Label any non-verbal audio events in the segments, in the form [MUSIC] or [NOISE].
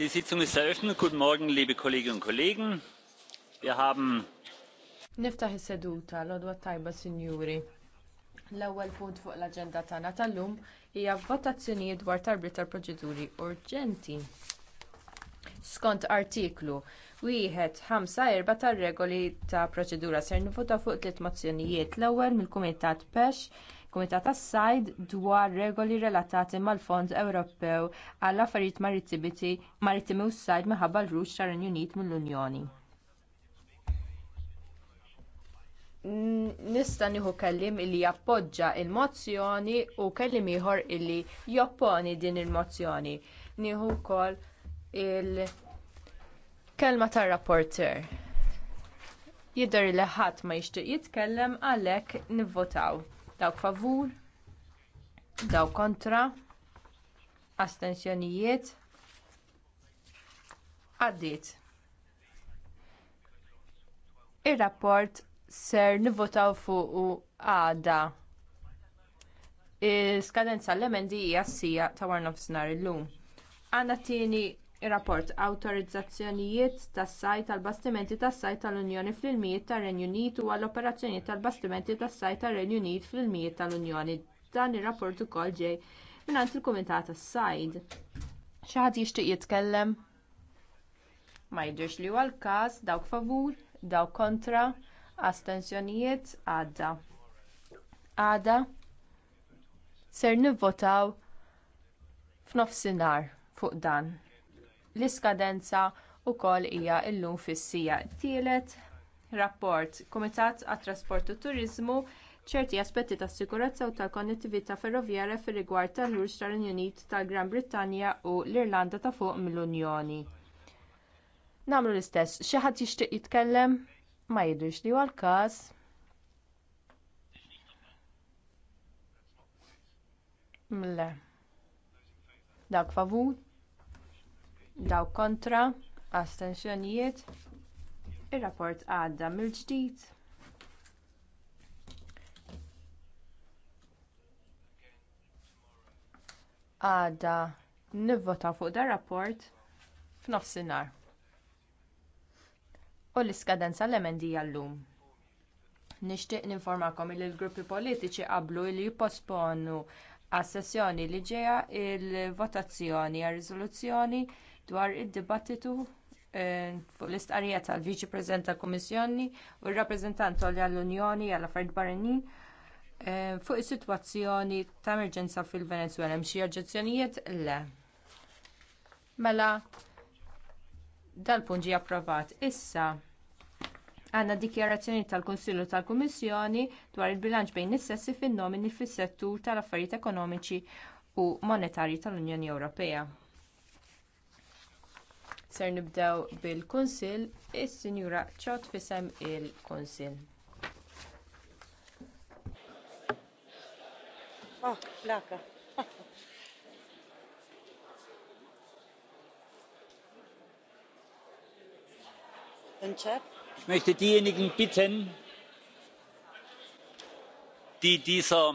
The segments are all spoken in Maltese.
die sitzung ist eröffnet. guten morgen liebe kolleginnen und kollegen! wir haben niftaħ is-seduta l-għodwa tajba sinjuri l-ewwel punt fuq l-aġenda tagħna tal-lum hija votazzjonijiet dwar tarbit tal-proċeduri urġenti skont artiklu wieħed ħamsa erba' tar-regoli ta' proċedura ser nivvota fuq tliet mozzjonijiet l-ewwel mill-kumitat pex Kumitat tas-Sajd dwar regoli relatati mal-Fond Ewropew għall affarijiet marittimi u s-sajd minħabba l ruġ tar Unit mill-Unjoni. Nista nieħu kelliem illi jappoġġa l mozzjoni u kellim ieħor illi jopponi din il-mozzjoni. Nieħu wkoll il-kelma tar-rapporter jidher li ħadd ma jixtieq jitkellem għalhekk nivvotaw dawk favur dawk kontra astensjonijiet għaddiet ir-rapport ser nivvotaw fuq għada Iskadenza l-emendi hija s-sija ta' warna f'snar illum. Għandna tieni ir-rapport awtorizzazzjonijiet tas-sajt tal-bastimenti tas-sajt tal-unjoni fl-ilmijiet tar-renju unit u għall-operazzjonijiet tal-bastimenti tas-sajt tar-renju unit fl-ilmijiet tal-unjoni dan ir-rapport ukoll ġej mingħand il-kumitat tas-sajd xi ħadd jixtieq jitkellem ma jidhirx li huwa l-każ dawk favur dawk kontra astensjonijiet għadda għadha ser nivvotaw f'nofsinhar fuq dan L-iskadenza wkoll hija llum fis-sija. Tielet rapport Kumitat għat-Trasport u Turiżmu ċerti aspetti tas-sikurezza u tal-konnettività ferroviarja fir-rigward tal-lurs tal-Renju Unit tal-Gran Brittanja u l-Irlanda ta' fuq mill-Unjoni. Nagħmlu l-istess, xi ħadd jixtieq jitkellem ma jidhirx li huwa l-każ. Dak favut dawk kontra astensjonijiet ir-rapport għadda mill-ġdid għada nivvotaw fuq dar rapport f'nofsinhar u l-iskadenza l-emendi llum. Nixtieq ninformakom li l-gruppi politiċi qablu li jipposponu għas sessjoni li ġejja l votazzjoni għar-riżoluzzjoni dwar id-dibattitu eh, fuq l-istqarrija tal-Viċi President tal-Kummissjoni u r-Rappreżentant għall-Unjoni għal affarijiet Barranin eh, fuq is-sitwazzjoni ta' emerġenza fil-Venezuela. Hemm xi oġġezzjonijiet? Le. Mela dal-punt ġie approvat. Issa għandna dikjarazzjoni tal-Kunsillu tal-Kummissjoni dwar il-bilanċ bejn is-sessi fin-nomini fis-settur tal-affarijiet ekonomiċi u monetarji tal-Unjoni Ewropea. Ser nibdew bil-Kunsill, is-Sinjura Ċot il-Kunsill. Ah, ich möchte diejenigen bitten, die dieser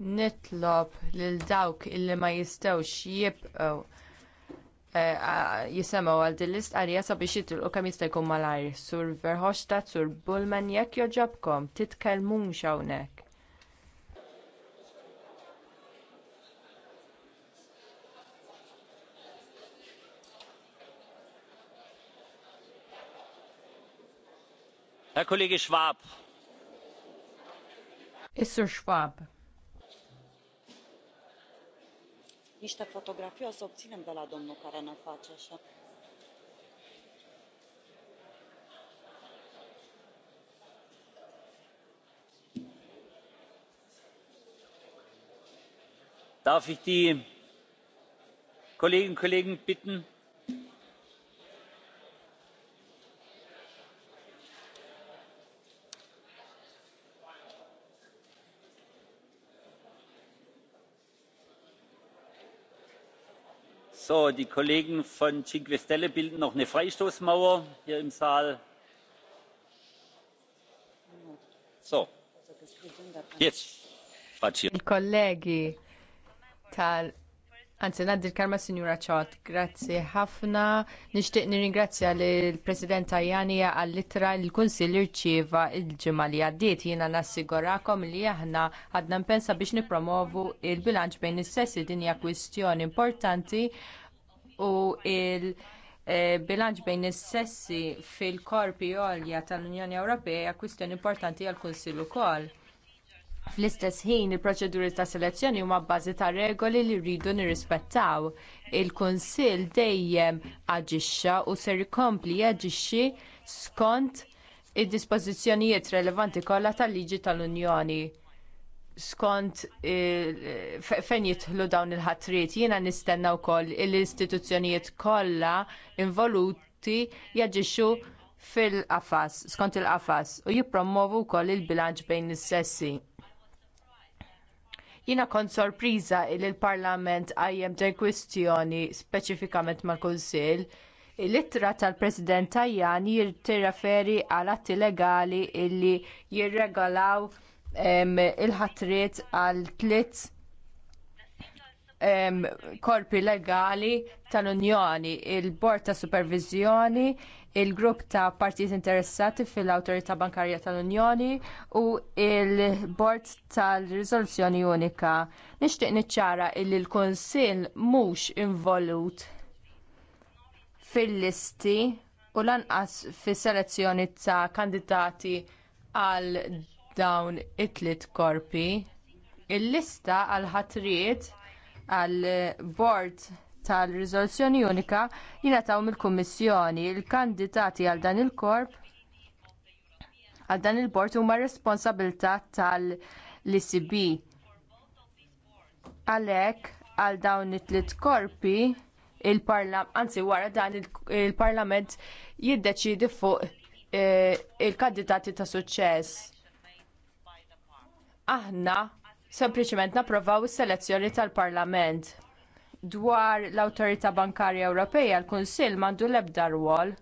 nitlob lil dawk illi ma jistgħux jibqgħu eh, jisemgħu għal din l-istqarrija sabiex jitilqu kemm jista' jkun malajr. Sur Verhofstadt, Sur Bullman jekk joġobkom titkellmux hawnhekk. Herr Kollege Schwab. sur Schwab. Niște te fotografii o să obținem de la domnul care ne face așa. Darf ich die Kolleginnen und Kollegen bitten, die Kollegen von Cinque Stelle bilden noch eine Freistoßmauer hier im Saal. So. kollegi tal Anzi, naddi l-karma Sinjura ċot, grazzi ħafna. Nixtieq nirringrazzja lill president Tajani għall-litra l-Kunsill irċiva il ġimgħa li għaddiet jiena nassigurakom li aħna għadna mpensa biex nippromovu l bilanċ bejn is-sessi din hija kwistjoni importanti u il- e, bilanċ bejn is-sessi fil-korpi għolja tal-Unjoni Ewropea kwistjoni importanti għall-Kunsill ukoll Fl-istess ħin il-proċeduri ta' selezzjoni huma bbażi ta' regoli li rridu nirrispettaw. Il-Kunsill dejjem aġixxa u ser ikompli jaġixxi skont id-dispożizzjonijiet relevanti kollha tal-liġi tal-Unjoni. Skont eh, fejn jidħlu dawn il ħatrijiet jiena nistenna wkoll l-istituzzjonijiet kollha involuti jaġixxu fil-qafas, skont il-qafas u jippromovu wkoll il-bilanċ bejn is-sessi Jiena kont sorpriża li l-Parlament għajjem din kwistjoni speċifikament mal-Kunsill. Il-ittra tal-President Tajani jirriferi għal atti legali illi jirregolaw il-ħatriet għal tliet korpi legali tal-Unjoni, il-Bord ta' Supervizjoni, il-Grupp ta' Partijiet Interessati fil-Awtorità Bankarja tal-Unjoni u il-Bord tal-Riżoluzzjoni Unika. Nixtieq niċċara li l-Kunsill mhux involut fil-listi u lanqas fis-selezzjoni ta' kandidati għal dawn it-tliet korpi. Il-lista għal ħatriet għal bord tal-rizoluzzjoni unika jingħataw mill-Kummissjoni. Il-kandidati għal dan il-korp għal dan il-bord huma responsabilità tal-ICB. Għalhekk għal dawn it-tliet korpi il-parlament, anzi wara dan il-parlament jiddeċiedi fuq eh, il-kandidati ta' suċċess. Aħna sempliċement napprovaw is-selezzjoni tal-Parlament. Dwar l-Awtorità Bankarja Ewropea, l-Kunsill m'għandu l-ebda rwol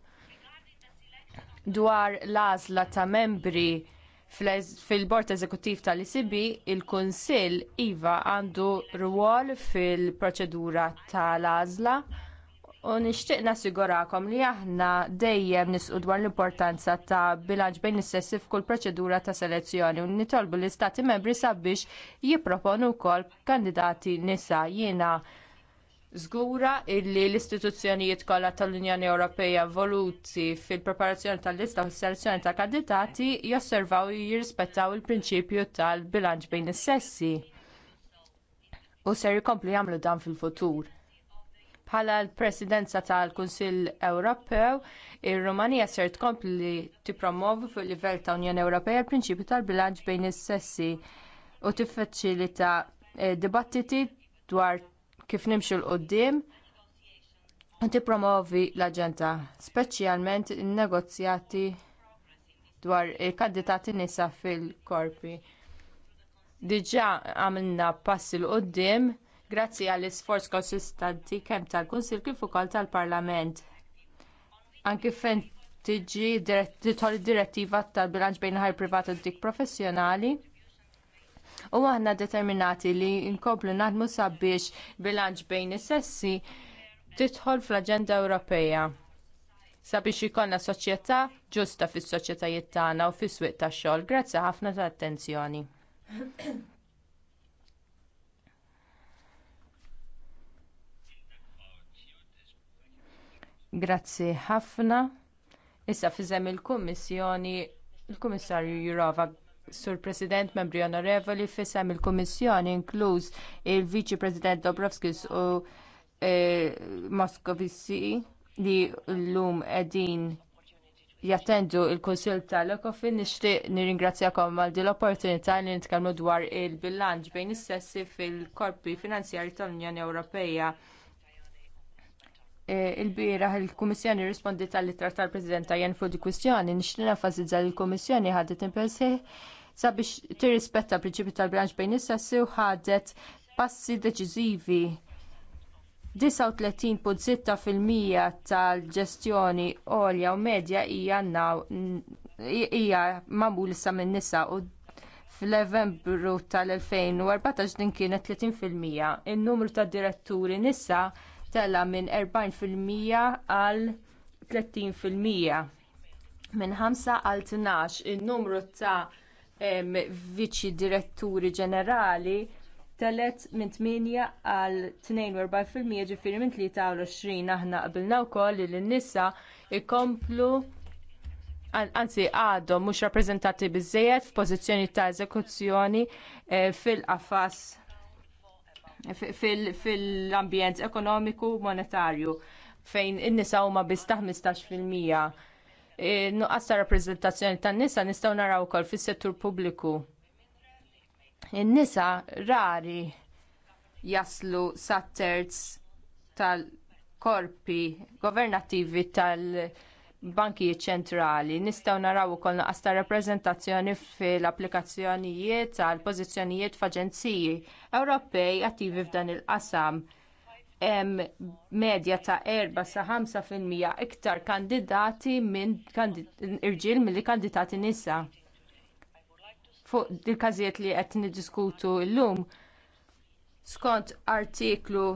dwar l-għażla ta' membri fil-Bord Eżekuttiv tal-ICB, il-Kunsill iva għandu rwol fil-proċedura tal-għażla U nixtieq nassigurakom li aħna dejjem nisqu dwar l-importanza ta' bilanċ bejn l sessi f'kull proċedura ta' selezzjoni u nitolbu l-istati membri sabiex jipproponu wkoll kandidati nisa jiena żgura illi l-istituzzjonijiet kollha tal-Unjoni Ewropea voluti fil-preparazzjoni tal-lista u selezzjoni ta' kandidati josservaw u jirrispettaw il-prinċipju tal-bilanċ bejn is-sessi u ser jkomplu jagħmlu dan fil-futur Bħala l-presidenza tal-Kunsill Ewropew, ir-Rumanija ser tkompli tippromovi fuq livell ta' Unjoni Ewropea l-prinċipju tal-bilanċ bejn is-sessi u tiffaċilita eh, dibattiti dwar kif nimxu l-qoddim u tippromovi l-aġenda, speċjalment in-negozjati dwar il-kandidati eh, nisa fil-korpi. Diġà għamilna passi l-qoddim grazzi għall isforz konsistanti kemm tal-Kunsill kif ukoll tal-Parlament. Anki fejn tiġi titħol id-direttiva tal-bilanċ bejn ħaj privat u dik professjonali. U aħna determinati li nkomplu naħdmu sabiex bilanċ bejn is-sessi titħol fl-Aġenda Ewropea sabiex ikollna soċjetà ġusta fis-soċjetajiet tagħna u fis-swieq tax-xogħol. Grazzi ħafna tal-attenzjoni. Grazzi ħafna. Issa fiżem il-Kummissjoni, il-Kummissarju Jurova, Sur President, membri onorevoli, fisem il-Kummissjoni, inkluż il-Viċi President Dobrovskis u e, Moscovici Moskovici li l-lum edin jattendu il-Konsil tal-Ekofin nixtieq nirringrazzjakom għal din l-opportunità li nitkellmu dwar il-bilanċ bejn is-sessi fil-korpi finanzjari tal-Unjoni Ewropea Eh, il-biraħ il-Kummissjoni rispondi tal-ittra tal-President jen fuq di kwistjoni nixtina fazizza l-Kummissjoni ħadet impersi sabiex tirrispetta prinċipju tal-branċ bejn is-sessi u ħadet passi deċiżivi 39.6% tal-ġestjoni għolja u medja hija naw hija magħmul issa minn nisa u fl-Novembru tal-2014 din kienet 30%. In-numru ta' diretturi nisa tela minn 40% għal 30% minn 5 għal 12 in-numru ta' viċi diretturi ġenerali telet minn 8 għal 42% ġifieri minn 23 aħna qabilna wkoll li n-nisa ikomplu anzi għadhom mhux rappreżentati biżżejjed f'pożizzjoni ta' eżekuzzjoni eh, fil-qafas fil-ambjent ekonomiku monetarju fejn in-nisa huma bi 15%. E, nuqqas ta' rappreżentazzjoni tan-nisa nistgħu naraw ukoll fis-settur pubbliku. In-nisa rari jaslu sat terz tal-korpi governattivi tal-, -korpi, bankijiet ċentrali. Nistgħu naraw ukoll naqas ta' rappreżentazzjoni fil-applikazzjonijiet tal pożizzjonijiet f'aġenziji Ewropej attivi f'dan il-qasam. Hemm medja ta' 4 sa 5% iktar kandidati minn irġiel milli kandidati nisa. Fuq il-każijiet li qed niddiskutu llum, skont artiklu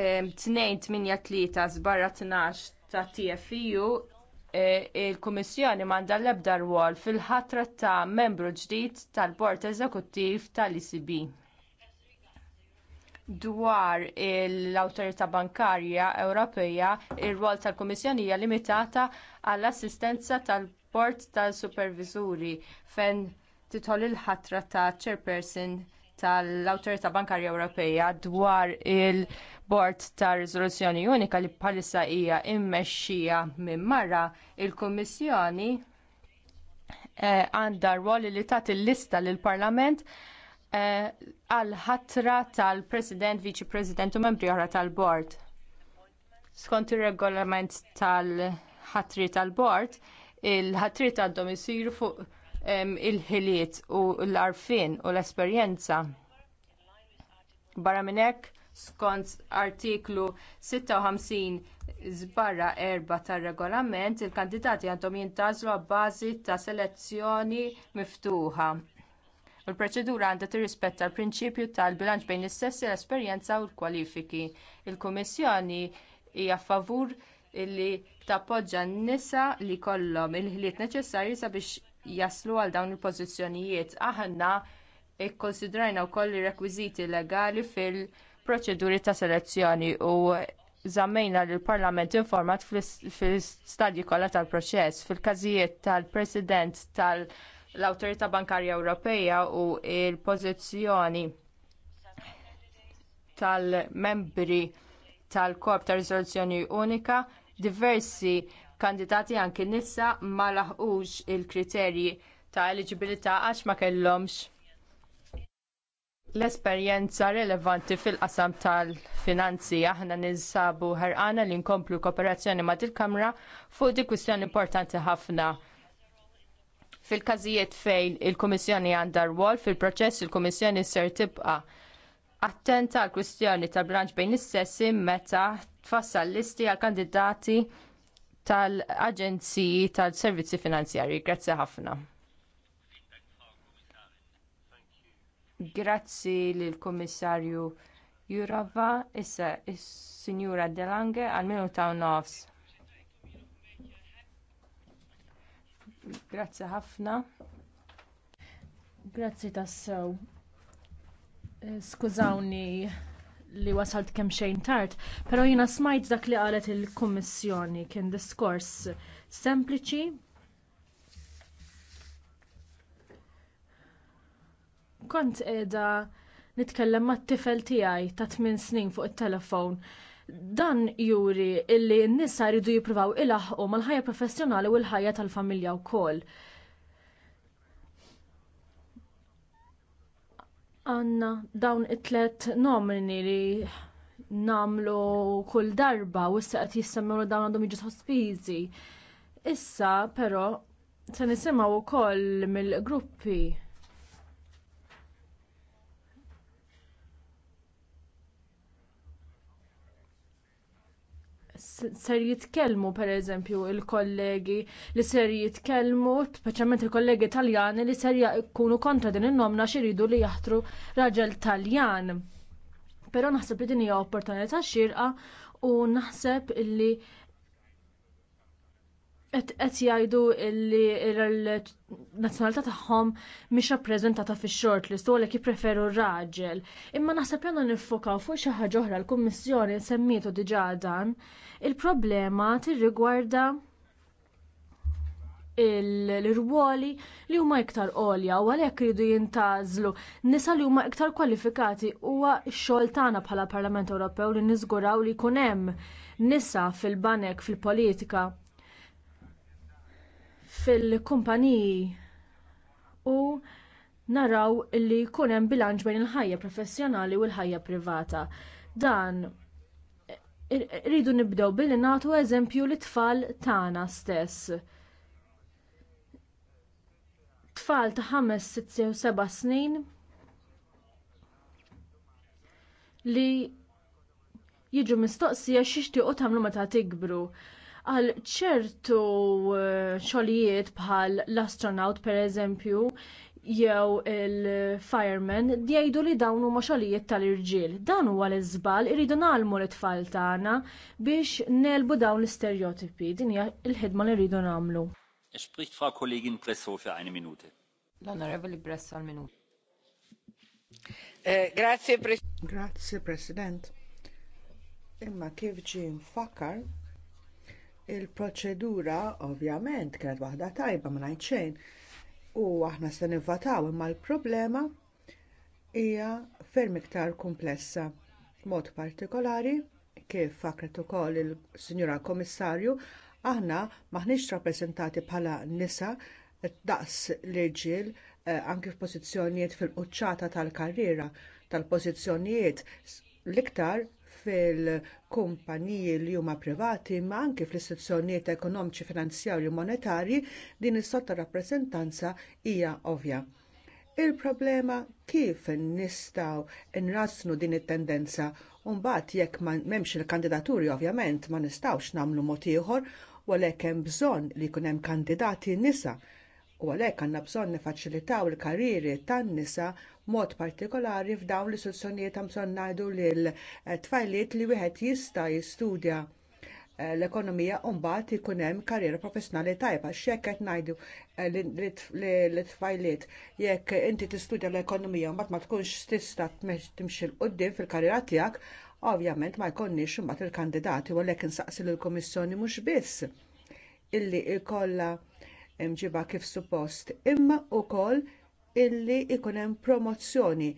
283 sbarra 12 ta' TFEU e, il-Kummissjoni m'għandha l-ebda rwol fil-ħatra ta' membru ġdid tal-Bord Eżekuttiv tal-ECB dwar l-Awtorità Bankarja Ewropea, ir-rwol tal-Kummissjoni hija limitata għall-assistenza tal-Bord tal-Supervisuri fejn titħol il-ħatra ta' Chairperson tal-Awtorità Bankarja Ewropea dwar il bord ta' riżoluzzjoni unika li bħalissa hija mmexxija minn Marra, il-Kummissjoni eh, għandha eh, rwol li tagħti lista lill parlament eh, għal eh, ħatra tal-President, Viċi President u membri oħra tal-Bord. Skont ir-regolament tal-ħatri tal-Bord, il-ħatri għandhom isiru fuq il-ħiliet u l-arfin u l-esperjenza. Barra minn hekk skont artiklu 56 żbarra Erba' tar-regolament il-kandidati għandhom jintgħażlu għabbażi ta' selezzjoni miftuħa. Il-proċedura għandha tirrispetta l-prinċipju tal-bilanċ bejn is-sessi l-esperjenza u l-kwalifiki. Il-Kummissjoni hija favur li tappoġġa n-nisa li jkollhom il-ħiliet neċessarji sabiex jaslu għal dawn il-pożizzjonijiet. Aħna ikkonsidrajna wkoll ir-rekwiżiti legali fil- proċeduri ta' selezzjoni u żammejna li l-Parlament informat fil stadju kollha tal-proċess fil-każijiet tal-President tal-Awtorità Bankarja Ewropea u l-pożizzjoni tal-membri tal-Korp ta' Riżoluzzjoni Unika diversi kandidati anki nisa ma laħqux il-kriterji ta' eligibilità għax ma kellhomx l-esperjenza relevanti fil-qasam tal-finanzi aħna ninsabu ħerqana li nkomplu kooperazzjoni ma' il-Kamra fuq di kwistjoni importanti ħafna. Fil-każijiet fejn il-Kummissjoni għandha rwol fil-proċess il-Kummissjoni ser tibqa' attenta għall kwistjoni tal-branċ bejn is-sessi meta tfassal listi għal kandidati tal-Aġenziji tal-Servizzi Finanzjarji. Grazzi ħafna. Grazzi lill kummissarju Jurova, issa is-Sinjura Delange għal minuta ta' nofs. Grazzi ħafna. Grazzi tassew. Eh, skużawni li wasalt kemm xejn tard, però jiena smajt dak li qalet il-Kummissjoni kien diskors sempliċi kont qiegħda nitkellem mat-tifel tiegħi ta' tmien snin fuq it-telefon. Dan juri illi n-nisa jridu jippruvaw ilaħqu mal-ħajja professjonali u l-ħajja tal-familja wkoll. Għanna dawn it-tlet nomini li namlu kull darba u issa qed jissemmew dawn għandhom jiġu sospiżi. Issa però se nisimgħu wkoll mill-gruppi ser jitkellmu pereżempju l kollegi li ser jitkellmu, speċjalment il-kollegi Taljani li ser jkunu kontra din in-nomna xiridu li jaħtru raġel Taljan. Però naħseb li din hija opportunità xirqa u naħseb li qed jgħidu li l-nazzjonalità tagħhom mhix rappreżentata fix shortlist u għalhekk jippreferu r raġel. Imma naħseb jagħna niffokaw fuq xi ħaġa oħra l-Kummissjoni semmietu diġà dan. Il-problema tirrigwarda l-irwoli li huma iktar għolja u għalhekk iridu jintażlu nisa li huma iktar kwalifikati huwa x-xogħol tagħna bħala Parlament Ewropew li niżguraw li jkun hemm nisa fil-banek fil-politika fil-kumpaniji u naraw li jkun hemm bilanċ bejn il-ħajja professjonali u l-ħajja privata. Dan rridu nibdew billi nagħtu eżempju li tfal tagħna stess. Tfal ta' 5, 6 7 snin li jiġu mistoqsija x'ixtiequ tagħmlu meta tikbru għal ċertu uh, xogħlijiet bħal l-astronaut pereżempju jew il-fireman jgħidu li dawn huma xogħlijiet tal-irġiel. Dan huwa l-iżbal iridu nagħmlu l-tfal tagħna biex nelbu dawn l-istereotipi. Din hija l-ħidma li rridu nagħmlu. Spricht Frau Kollegin Bresso für eine Minute. L-Onorevoli Bresso għal minut. Eh, grazie, President. Imma kif ġie mfakkar Il-proċedura ovvjament kienet waħda tajba ma xejn u aħna se nivvataw imma l-problema hija ferm iktar komplessa. Mod partikolari kif fakret ukoll il-Sinjura Komissarju, aħna maħniex rappreżentati bħala nisa daqs l-irġiel eh, anke f'pożizzjonijiet fil-quċċata tal-karriera tal-pożizzjonijiet l-iktar fil-kumpaniji li huma privati ma anke fl-istituzzjonijiet ekonomiċi, finanzjarji u monetarji din is-sotta rappreżentanza hija ovvja. Il-problema kif nistgħu nrassnu din it-tendenza u mbagħad jekk m'hemmx il-kandidaturi ovvjament ma nistgħux nagħmlu mod ieħor u għalhekk hemm bżonn li jkun hemm kandidati nisa u għalhekk għandna bżonn nifaċilitaw il-karrieri tan-nisa mod partikolari f'dawn l-istruzzjonijiet ta' bżonn ngħidu lil eh, tfajliet li wieħed jista' jistudja eh, l-ekonomija u mbagħad ikun hemm karriera professjonali tajba x'hekk qed ngħidu eh, l-tfajliet jekk inti tistudja l-ekonomija u mbagħad ma tkunx tista' timxi l qudiem fil-karriera tiegħek, ovvjament ma jkollniex imbagħad il-kandidati u għalhekk insaqsi lill-Kummissjoni mhux biss illi jkollha imġiba kif suppost imma wkoll illi jkun hemm promozzjoni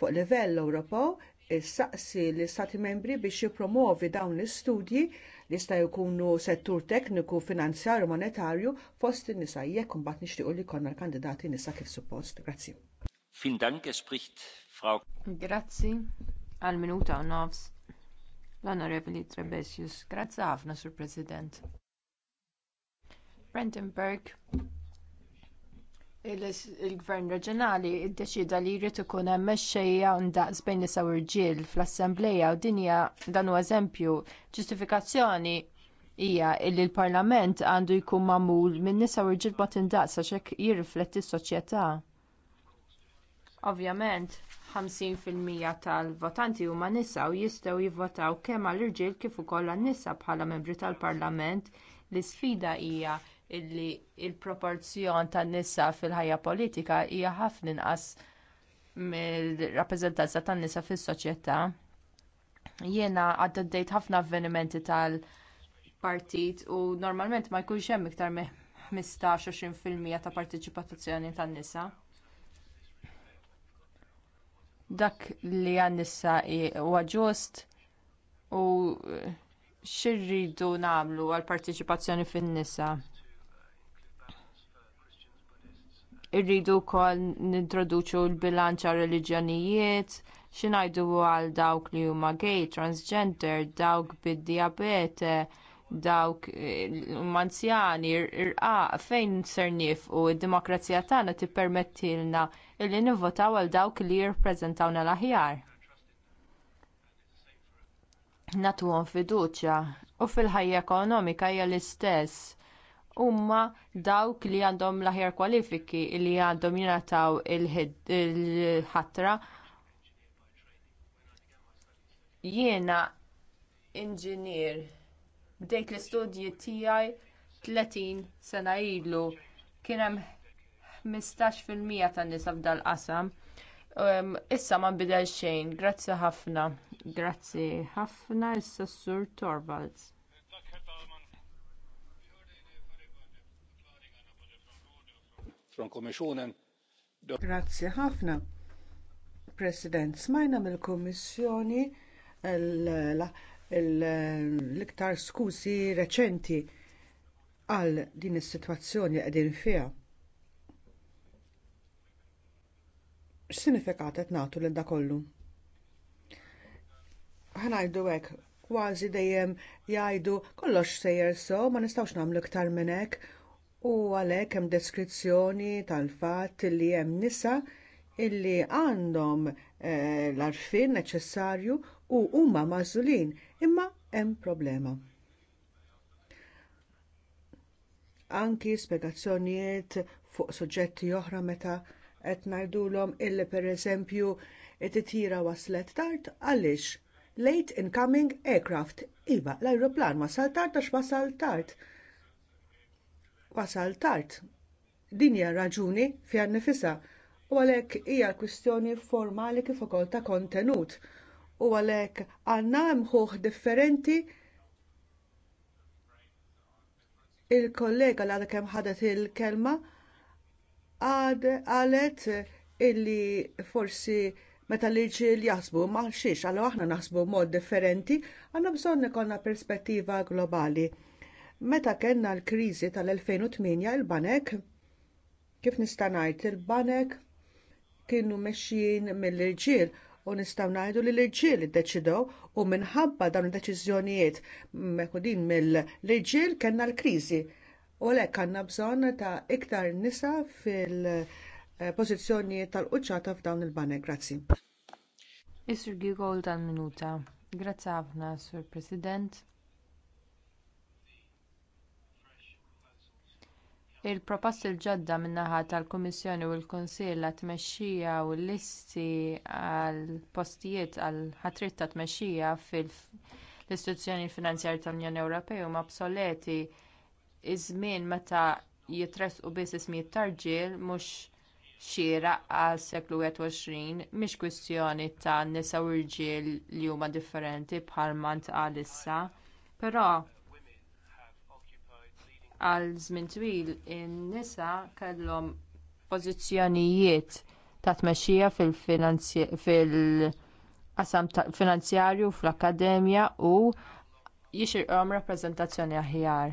fuq livell Ewropew is-saqsi l-Istati membri biex jippromovi dawn l-istudji li sta jkunu settur tekniku, finanzjarju, monetarju fost in-nisa jekk imbagħad nixtiequ li jkollna l-kandidati nisa kif suppost. Grazzi. Vielen Dank, spricht Frau. Grazzi għal minuta u nofs l-Onorevoli Trebesius. Grazzi ħafna, Sur President. Brandenburg il-gvern reġjonali ddeċida li jrid ikun hemm mexxejja ndaqs bejn nisa u rġiel fl-assembleja u dinja dan huwa eżempju ġustifikazzjoni hija li l-Parlament għandu jkun magħmul minn nisa u rġiel b'mod indaqs għax hekk jirrifletti s-soċjetà. Ovvjament, 50% tal-votanti huma nisa u jistgħu jivvotaw kemm għall-irġiel kif ukoll għan-nisa bħala membri tal-Parlament l-isfida hija illi l proporzjon tan-nisa fil-ħajja politika hija ħafna inqas mill-rappreżentanza tan-nisa fis-soċjetà. Jiena għaddejt ħafna avvenimenti tal-partit u normalment ma jkunx hemm iktar minn 15-20% ta' partiċipazzjoni tan-nisa. Dak li għan-nisa huwa ġust u xirridu nagħmlu għall partiċipazzjoni fin-nisa Irridu wkoll nintroduċu l-bilanċa reliġjonijiet, ngħidu għal dawk li huma gay, transgender, dawk bid-diabete, dawk eh, manzjani, irqaq fejn ser nifqu id-demokrazija tagħna tippermettilna illi nivvotaw għal dawk li jirrappreżentawna l-aħjar. Nagħtuhom fiduċja u fil-ħajja ekonomika hija l-istess huma dawk li għandhom l-aħjar kwalifiki li għandhom jingħataw il-ħatra. Jiena inġinier bdejt l-istudji tiegħi 30 sena ilu kien hemm 15% tan-nisa f'dal qasam. Um, issa ma bidel xejn. Grazzi ħafna. Grazzi ħafna issa Sur Torvalds. Grazzi ħafna. President, smajna mill-Kummissjoni l-iktar skużi reċenti għal din is-sitwazzjoni qegħdin fiha. X'sinifikat qed nagħtu lil dakollu? Ħanajdu hekk kważi dejjem jgħidu kollox sejjer so ma nistgħux nagħmlu iktar minn hekk u għalhekk hemm deskrizzjoni tal-fatt li hemm nisa illi għandhom eh, l għarfien neċessarju u huma magħżulin imma hemm problema. Anki spjegazzjonijiet fuq suġġetti oħra meta qed ngħidulhom illi pereżempju it-titjira waslet tard għaliex late incoming aircraft iva l ajruplan wasal tard għax wasal tard wasal tard. Din hija raġuni fiha nifisa u għalhekk hija kwistjoni formali kif ukoll ta' kontenut u għalhekk għandna mħuħ differenti il-kollega li għadha kemm ħadet il-kelma qalet illi forsi meta li irġiel jaħsbu ma xiex, għallu aħna naħsbu mod differenti, għandna bżonn ikollna perspettiva globali. Meta kellna l-kriżi tal-2008 il-banek, kif nista' ngħid il-banek kienu mexjin mill-irġiel u nistgħu ngħidu li l-irġiel iddeċidew u minħabba dawn id-deċiżjonijiet meħudin mill-irġiel kellna l-kriżi. U hekk għandna bżonn ta' iktar nisa fil-pożizzjonijiet tal-quċċata f'dawn il-banek. Grazzi. Isur Gigol tal-minuta. Grazzi ħafna, Sur President il-proposti l-ġodda min-naħa tal-kummissjoni u l-kunsill għat-tmexxija u l-listi għall-postijiet għall-ħatrit ta' tmexxija fl istituzzjoni finanzjarji tal-unjoni ewropea huma obsoleti iż-żmien meta jitresqu biss ismijiet tar irġiel mhux xieraq għas-seklu 21 mhix kwistjoni ta' nisa u irġiel li huma differenti bħalma ntqal issa però għal żmien twil in-nisa kellhom pożizzjonijiet ta' tmexxija fil-qasam finanzjarju fl-akkademja u jixirqhom rappreżentazzjoni aħjar.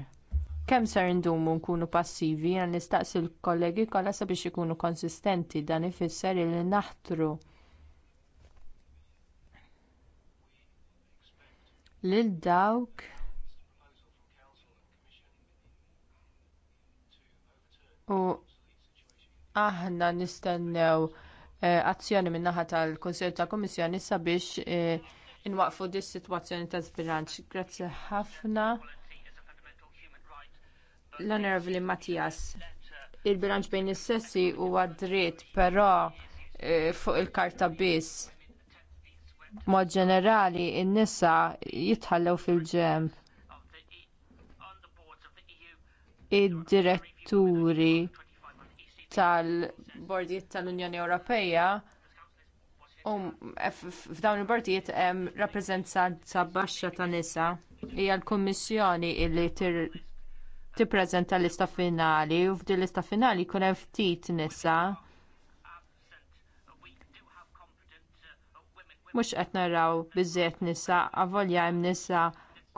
Kemm ser indumu nkunu passivi għan nistaqsi l-kollegi kollha sabiex ikunu konsistenti dan ifisser li naħtru lil dawk U aħna nistennew eh, azzjoni min-naħa tal-Konsil tal-Komissjoni sabiex eh, inwaqfu dis sitwazzjoni ta' zbilanċ. Grazzi ħafna. L-Onorevoli Mattias, il-bilanċ bejn is-sessi huwa dritt, però eh, fuq il-karta biss. Mod ġenerali, in-nisa jitħallew fil ġemm id-diretturi tal-bordijiet tal-Unjoni Ewropea um, f'dawn il-bordijiet hemm rappreżentanza baxxa ta' nisa. Hija l-Kummissjoni li tippreżenta l-lista finali u f'din lista finali jkun hemm ftit nisa. Mhux qed naraw biżżejjed nisa, avolja hemm nisa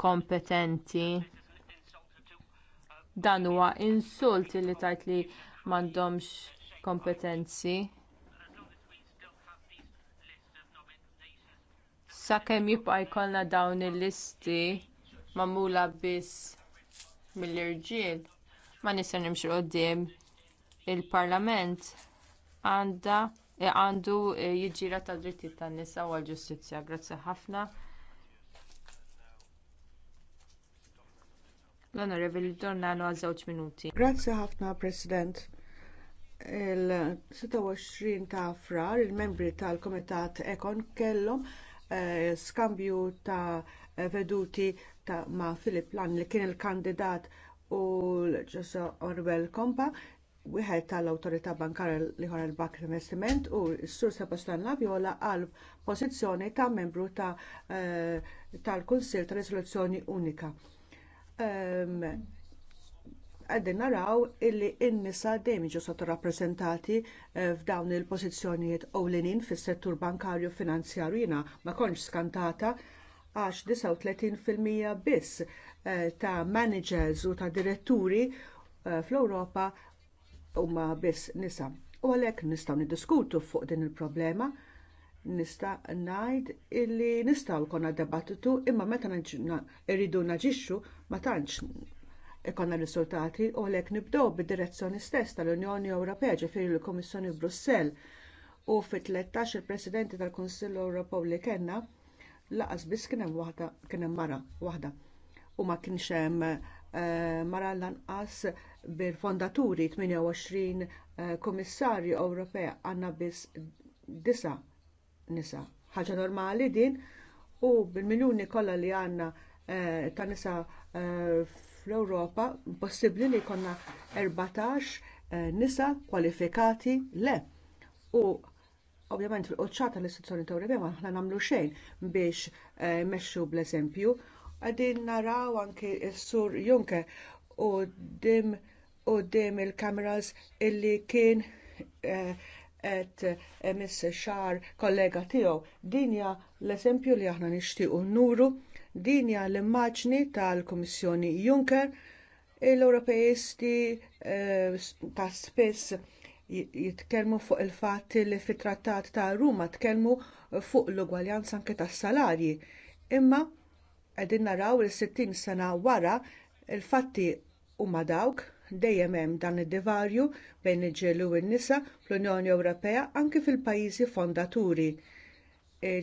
kompetenti dan huwa insult li tgħid li m'għandhomx kompetenzi sakemm jibqa' jkollna dawn il-listi magħmula biss mill-irġiel ma nista' nimxu quddiem il-parlament għandu eh, jiġġieled tad-drittijiet tan-nisa u għall-ġustizzja grazzi ħafna L-Onorevoli Dornano għal żewġ minuti. Grazzi ħafna, President il-26 ta' frar il-membri tal kumitat Ekon kellhom eh, skambju ta' veduti ta ma' Philip Lan li kien il-kandidat u l ġesa Orwell Kompa wieħed tal awtorità bankarja li ħora l-Bank Investiment u s-sur Sebastian Laviola għal pożizzjoni ta' membru ta' eh, tal-Kunsill ta' resoluzzjoni Unika Ehm, għaddin naraw illi n-nisa dejjem ġu sottorrappreżentati eh, f'dawn il-pożizzjonijiet ewlenin fis-settur bankarju finanzjarju jiena ma kontx skantata għax 39% biss eh, ta' managers u ta' diretturi eh, fl-Ewropa huma biss nisa. U għalhekk nistgħu niddiskutu fuq din il-problema nista' ngħid illi nistgħu jkollna debattitu imma meta irridu naġixxu ma tantx ikonna riżultati u għalhekk nibdew bid-direzzjoni stess tal-Unjoni Ewropea ġifieri l-Kummissjoni Brussell u fit-13 il-Presidenti tal-Kunsill Ewropew li kellna laqas biss kien hemm waħda kien hemm mara waħda u ma kienx hemm eh, mara lanqas bil-fondaturi 28 eh, kummissarju Ewropea għandna biss disa nisa ħaġa normali din u bil-miljuni kollha li għandna Eh, ta' nisa eh, fl-Ewropa possibbli li jkollna 14 eh, nisa kwalifikati le. U ovvjament fil-qoċċata l-istituzzjoni Ewropea ma aħna nagħmlu xejn biex mexxu bl-eżempju. Qegħdin naraw anki s-sur Juncker u dim u dim il-kameras illi kien qed miss xar kollega tiegħu. Din hija l-eżempju li aħna nixtiequ nuru Din hija l-immaġni tal-Kummissjoni Juncker l-Ewropejisti eh, ta' spiss jitkellmu fuq il-fatt li fit-trattat ta' Ruma tkellmu fuq l-ugwaljanza anke tas-salarji. Imma qegħdin naraw il 60 sena wara il-fatti huma dawk dejjem hemm dan id-divarju bejn il-ġiel u n-nisa fl-Unjoni Ewropea anke fil-pajjiżi fondaturi. E,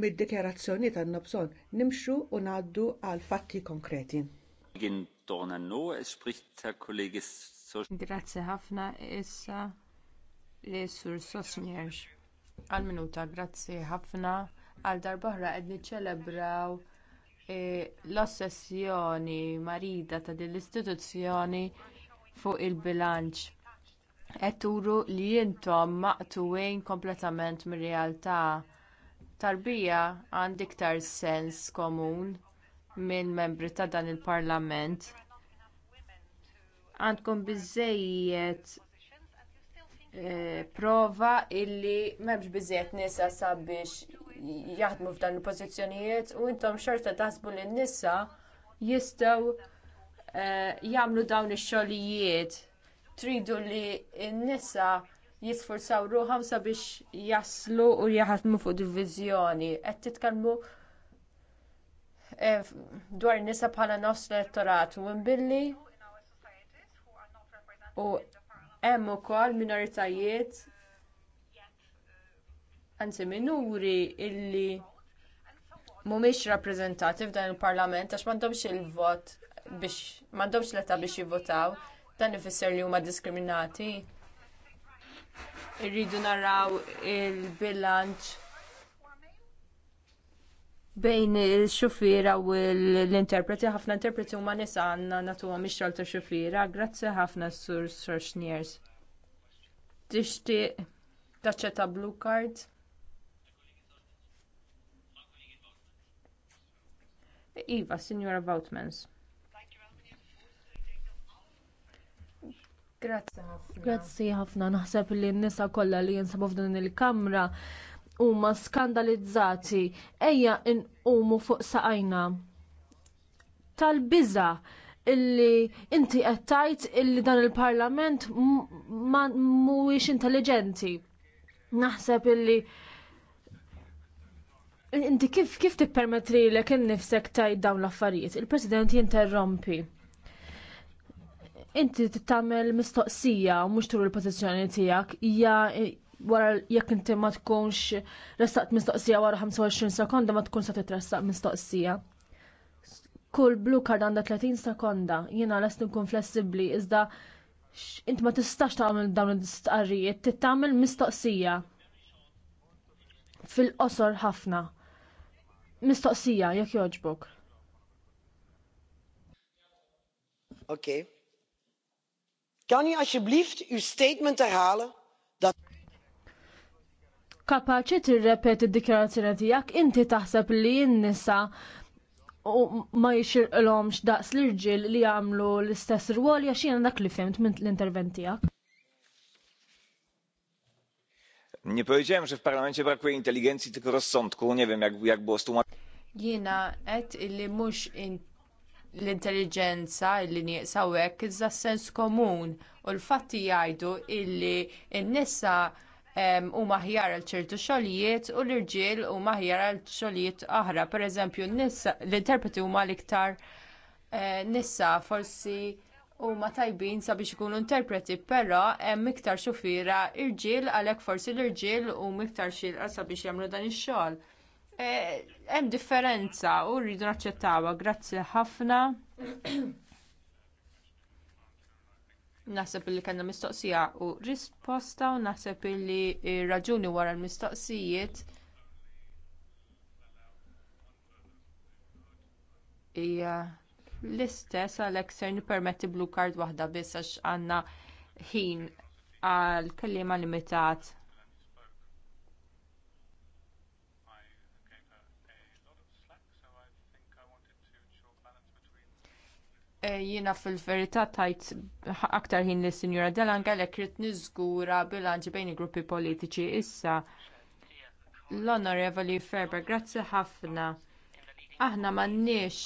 mid-dikjarazzjonijiet għandna bżonn nimxu u ngħaddu għal fatti konkreti. Grazzi ħafna issa li sur Sosnjerx. Għal minuta, grazzi ħafna għal darbohra qed niċċelebraw e, l-ossessjoni marida ta' din l-istituzzjoni fuq il-bilanċ. Qed li intom maqtuwin kompletament mir-realtà tarbija għandi iktar sens komun minn membri ta' dan il-Parlament. Għandkom biżżejjed eh, prova illi m'hemmx biżżejjed nisa sabiex jaħdmu f'dan il-pożizzjonijiet u intom xorta taħsbu li n-nisa jistgħu eh, jagħmlu dawn ix-xogħlijiet. Tridu li n-nisa jisforzaw ruħam sabiex jaslu u jaħatmu fuq divizjoni. Qed titkellmu eh, dwar nisa bħala nos elettorat u mbilli u hemm ukoll minoritajiet anzi minuri illi mhumiex rappreżentati f'dan il-Parlament għax m'għandhomx il-vot biex m'għandhomx l biex jivvotaw dan ifisser li huma diskriminati rridu naraw il-bilanċ bejn il-xufira u l-interpreti. ħafna interpreti huma nisa għanna natu għam xogħol ta' xufira. Grazzi ħafna sur Sorxniers. Tixtieq taċċeta blue card? Iva, Signora Voutmans. Grazzi ħafna. Grazzi ħafna naħseb li n-nisa kollha li jinsabu f'din il-kamra huma skandalizzati ejja umu fuq saqajna tal-biża' illi inti qed tgħid illi dan il-Parlament mhuwiex intelligenti. Naħseb illi inti kif kif tippermetti lilek innifsek tajt dawn l-affarijiet. Il-President jinterrompi inti tagħmel mistoqsija u mhux turu l-pożizzjoni tiegħek hija eh, wara jekk inti ma tkunx restaqt mistoqsija wara 25 sekonda ma tkun se titressaq mistoqsija. Kull blu kard għanda 30 sekonda, jiena lest nkun flessibbli iżda inti ma tistax tamel dawn id t tagħmel mistoqsija fil-qosor ħafna. Mistoqsija jekk joġbuk. Okay. Kan u alsjeblieft uw statement herhalen dat Kapaċi tirrepeti d-dikjarazzjoni tiegħek inti taħseb li n-nisa u ma jixirqlhomx daqs l-irġiel li jagħmlu l-istess rwol għax jiena dak li fimt minn l-intervent tiegħek. Nie powiedziałem, że w parlamencie brakuje inteligencji, tylko rozsądku. Nie wiem, jak, jak było stłumaczone. Jiena qed mux mhux l-intelligenza li nieqsaw hekk iżda sens komun u l-fatti jgħidu illi n-nisa huma aħjar għal ċertu xogħlijiet u l-irġiel huma aħjar għal xogħlijiet oħra. Pereżempju, n l-interpreti huma l-iktar eh, nisa forsi huma tajbin sabiex ikunu interpreti, però hemm iktar xufira irġiel għalhekk forsi l-irġiel huma iktar xilqa sabiex jagħmlu dan ix-xogħol Eh, hemm differenza u rridu naċċettawha. Grazzi ħafna. [CLEARS THROAT] Naħseb li kellna mistoqsija u risposta u naħseb li raġuni wara l-mistoqsijiet hija l-istess għalhekk se nippermetti blue card waħda biss għax għandna ħin għal kelliema limitat. Eh, Jiena fil-verità tajt aktar ħin lis sinjura Delan għalek rrit nizgura bilanċ bejn il-gruppi politiċi issa. L-Onorevoli Ferber, grazzi ħafna. Aħna m'għandniex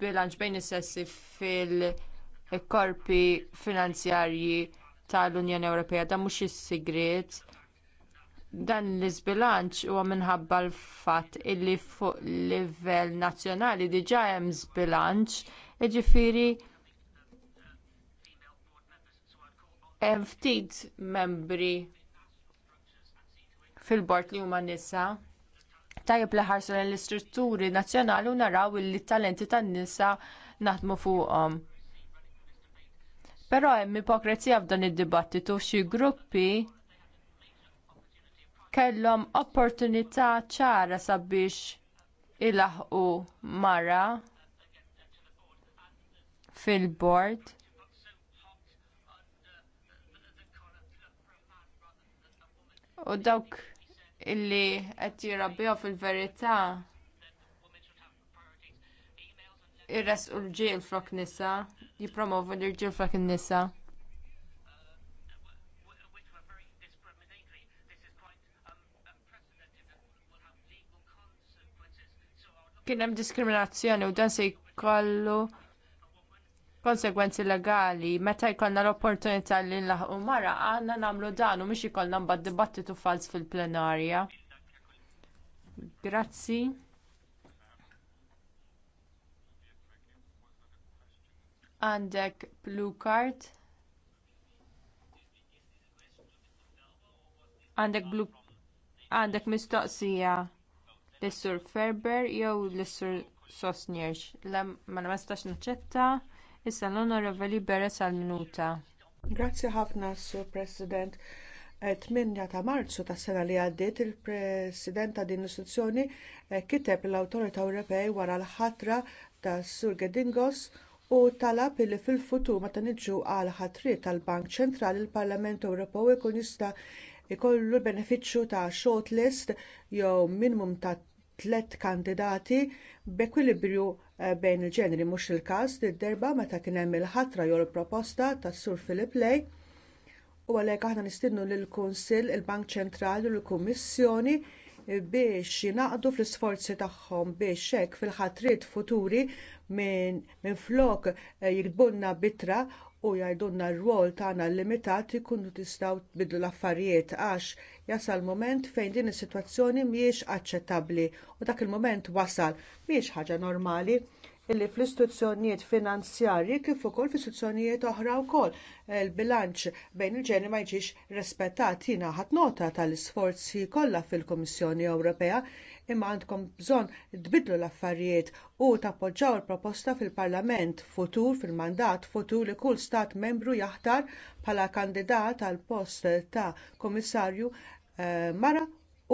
bilanċ bejn is-sessi fil-korpi finanzjarji tal-Unjoni Ewropea, da mhux is-sigriet. Dan l-iżbilanċ huwa minħabba l-fatt illi fuq livell nazzjonali diġà hemm zbilanċ. Jiġifieri hemm ftit membri fil-bord li huma nisa tajjeb li ħarsu l-istrutturi nazzjonali u naraw li t talenti tan-nisa naħdmu fuqhom. Però hemm ipokrezija f'dan id-dibattitu xi gruppi kellhom opportunità ċara sabiex ilaħqu mara fil-bord u dawk illi qed jirrabbihom fil-verità irres l-ġiel flok nisa, jippromovu l irġiel flok nisa. Kien hemm diskriminazzjoni u dan se jkollu konsegwenzi legali meta jkollna l-opportunità li nlaħqu mara għandna nagħmlu dan u mhux ikollna mbagħad dibattitu fals fil-plenarja. Grazzi. Għandek blue card. Għandek blue għandek mistoqsija lis sur Ferber jew lis sur Sosnjerx. Ma nistax naċċetta. Issa l-Onorevoli Beres għal minuta. Grazzi ħafna, Sur President. 8 eh, ta' Marzu tas sena li għaddiet il-President ta' din l-istituzzjoni eh, kiteb l awtorita Ewropej wara l-ħatra ta' Sur Gedingos u talab li fil-futur meta niġu għal ħatriet tal-Bank Ċentrali l-Parlament Ewropew ikun jista' jkollu l-benefiċċju ta' shortlist jew minimum ta' tliet kandidati b'ekwilibrju Eh, bejn il-ġeneri mhux il-każ li d-derba meta kien hemm il-ħatra jew il-proposta tas-Sur Philip Lej u għalhekk aħna nistinnu lill kunsill il-Bank Ċentrali u l-Kummissjoni biex jingħaqdu fl-isforzi tagħhom biex hekk fil-ħatriet futuri minn min flok eh, jikbunna bitra u jgħidulna r-rwol tagħna limitat ikunu tistgħu tbidlu l-affarijiet għax jasal mument fejn din is-sitwazzjoni mhijiex aċċettabbli u dak il-mument wasal mhijiex ħaġa normali illi fl-istituzzjonijiet finanzjarji kif ukoll fl-istituzzjonijiet oħra wkoll il-bilanċ bejn il-ġeni ma jiġix rispettat jiena ħadd nota tal-isforzi kollha fil-Kummissjoni Ewropea imma għandkom bżonn tbiddlu l-affarijiet u tappoġġjaw il-proposta fil-Parlament futur fil-mandat futur li kull stat membru jaħtar bħala kandidat għal post ta' Kummissarju eh, mara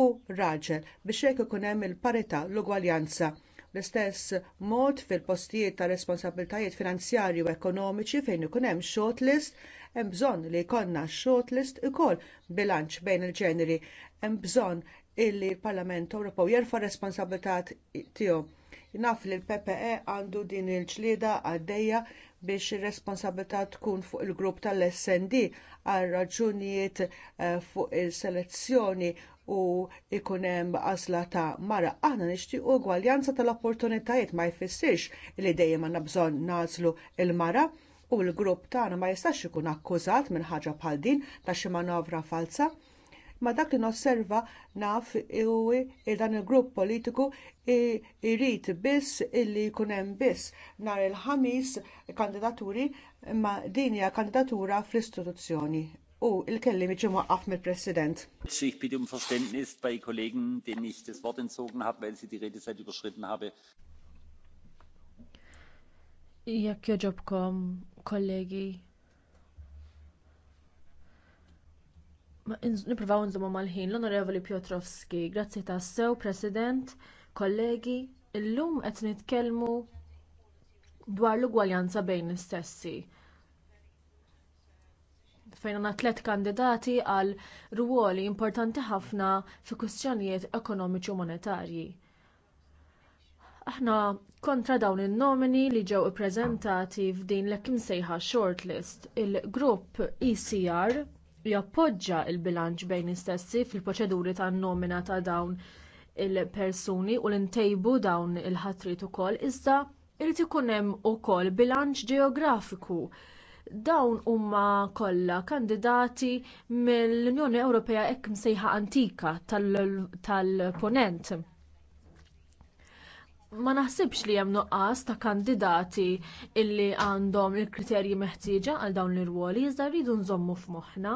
u raġel biex hekk ikun hemm il-parità l-ugwaljanza l-istess mod fil-postijiet ta' responsabiltajiet finanzjarji u ekonomiċi fejn ikun hemm shortlist, hemm bżonn li jkollna shortlist ukoll bilanċ bejn il-ġeneri, hemm bżonn illi l-Parlament Ewropew jerfa' responsabilità tiegħu. Naf li l-PPE għandu din il-ġlieda għaddejja biex ir-responsabilità tkun fuq il-grupp tal-SND għal raġunijiet eh, fuq il-selezzjoni u ikun hemm għażla ta' mara. Aħna nixtiequ gwaljanza tal-opportunitajiet ma jfissirx li dejjem għandna bżonn nażlu il-mara u l-grupp tagħna ma jistax ikun akkużat minn ħaġa bħal din ta' xi manovra falsa ma dak li nosserva naf huwi il dan il-grupp politiku irid biss illi jkun hemm biss nhar il-ħamis kandidaturi imma din hija kandidatura fl-istituzzjoni u il-kellim iġi waqqaf mill-President. Ich bitte um Verständnis bei Kollegen, denen ich das Wort entzogen habe, weil sie die Redezeit überschritten habe. Jekk joġobkom, kollegi, Nipprovaw nżommu mal-ħin l-Onorevoli Piotrowski, grazzi tassew, President, kollegi, illum qed nitkellmu dwar l-ugwaljanza bejn istessi. Fejn għandna tliet kandidati għal ruoli importanti ħafna fi kwistjonijiet ekonomiċi u monetarji. Aħna kontra dawn in-nomini li ġew ippreżentati f'din l-ekim sejħa shortlist, il-grupp ECR Jappoġġa l-bilanċ bejn istessi fil-proċeduri tan-nomina ta' dawn il-persuni u l-intejbu dawn il-ħatrit ukoll iżda irid ikun hemm ukoll bilanċ ġeografiku dawn huma kollha kandidati mill-Unjoni Ewropea hekk msejħa antika tal-Ponent. Tal ma naħsibx li hemm nuqqas ta' kandidati illi għandhom il-kriterji meħtieġa għal dawn l-irwoli iżda rridu nżommu f'moħħna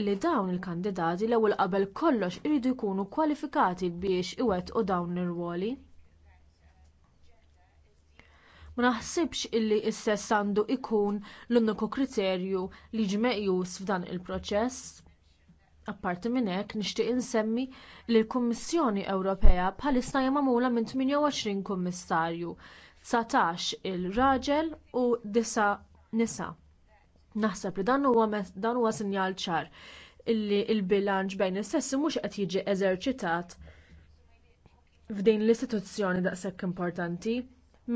illi dawn il-kandidati l-ewwel qabel kollox iridu jkunu kwalifikati biex iwettqu dawn l-irwoli. Ma naħsibx illi s-sess għandu jkun l-uniku kriterju li ġi meqjus f'dan il-proċess. Apparti minn hekk nixtieq insemmi li l-Kummissjoni Ewropea bħalissa hija magħmula minn 28 kummissarju, 19 il-raġel u 9 nisa. Naħseb li dan huwa dan huwa sinjal ċar illi l-bilanċ bejn is-sessi mhux qed jiġi eżerċitat f'din l-istituzzjoni daqshekk importanti,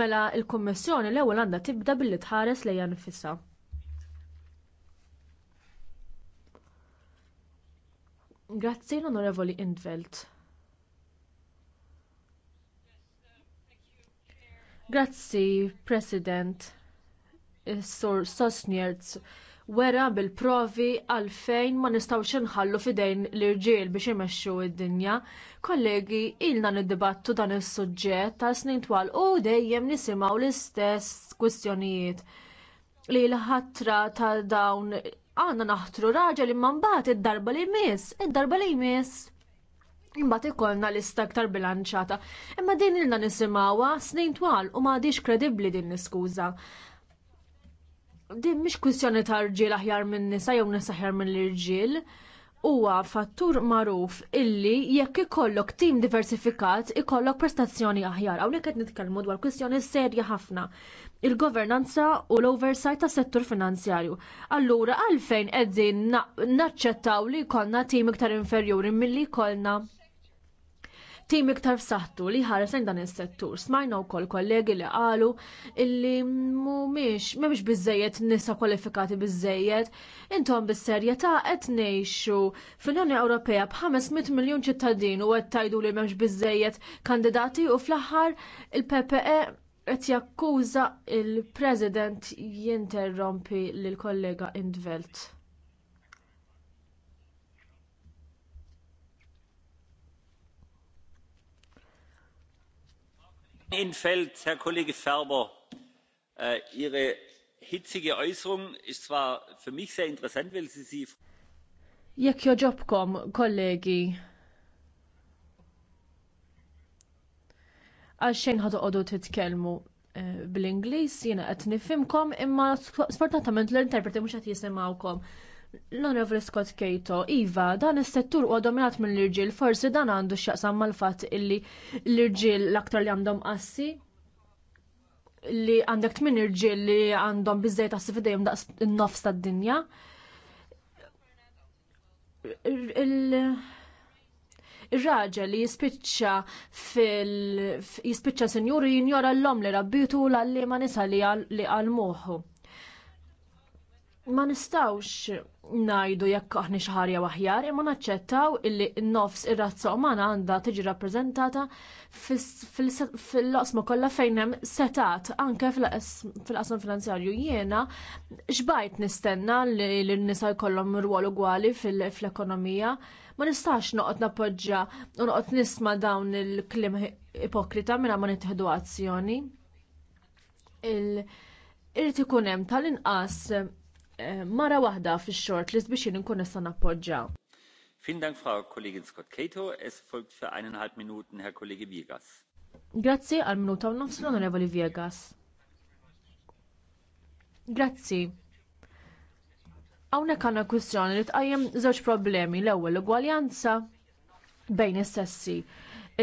mela l-Kummissjoni l-ewwel għandha tibda billi tħares lejha nfisha. Grazzi l-Onorevoli Indveld. Grazzi, President. Sur Sosnierz, wera bil-provi għalfejn ma nistgħux inħallu fidejn l-irġiel biex imexxu id-dinja. Kollegi, ilna niddibattu dan is-suġġett ta' snin twal u dejjem nisimgħu l-istess kwistjonijiet li l-ħatra ta' dawn għanna naħtru raġel imma mbagħad id-darba li jmiss, id-darba li jmiss. Imbagħad ikollna lista ktar bilanċata. Imma din ilna nisimgħuha snin twal u m'għadix kredibbli din l-iskuża. Din mhix kwissjoni ta' aħjar minn nisa jew nisa aħjar minn l-irġiel huwa fattur magħruf illi jekk ikollok tim diversifikat ikollok prestazzjoni aħjar. Hawnhekk qed nitkellmu dwar kwistjoni serja ħafna il-governanza u l-oversight tas settur finanzjarju. Allura għalfejn qegħdin naċċettaw li jkollna tim iktar inferjuri milli jkollna tim iktar f'saħħtu li ħares lejn dan is-settur. Smajna wkoll kollegi li qalu illi mhumiex m'hemmx biżejjed nisa kwalifikati biżejjed. Intom bis-serjetà qed ngħixu fl-Unjoni Ewropea b'500 miljun ċittadin u qed tajdu li m'hemmx biżejjed kandidati u fl-aħħar il-PPE qed jakkuża il-President jinterrompi lill kollega Indvelt. Infeld, Herr Kollege Ferber, äh, Ihre hitzige Äußerung ist zwar für mich sehr interessant, weil Sie sie. Jekk joġobkom, kollegi. Għal xejn ħadu għodu titkellmu äh, bl ingliż jiena qed nifhimkom imma sfortunatament l-interpreti mhux qed jisimgħukom. L-Onorevoli Scott Cato, Iva, dan is-settur huwa dominat mill-irġiel, forsi dan għandu x'jaqsam mal-fatt illi l-irġiel l-aktar li għandhom assi li għandek tmin irġiel li għandhom biżejt assi fidejhom daqs in-nofs tad-dinja. Ir-raġel li jispiċċa fil jispiċċa senjuri jinjora l-om li rabbitu l-għallima nisa li għal moħħu ma nistawx najdu jekk aħna xi ħarja waħjar imma naċċettaw illi n-nofs ir-razza umana għandha tiġi rappreżentata fil-loqsma kollha fejn hemm setat anke fil-qasam finanzjarju jiena xbajt nistenna li l-nisa jkollhom rwol ugwali fil-ekonomija ma nistax noqgħod nappoġġja u noqgħod nisma' dawn il-kliem ipokrita minn ma nittieħdu azzjoni. Irrid ikun hemm tal-inqas Eh, mara waħda fix-xort li biex inkun nista' nappoġġja. Vielen Dank, Frau Kollegin Scott Cato. Es folgt für eineinhalb Minuten Herr Kollege Viegas. Grazzi al minuta u nofs l-Onorevoli Viegas. Grazzi. Hawnhekk għandna kwistjoni li tqajjem żewġ problemi. L-ewwel l-ugwaljanza bejn is-sessi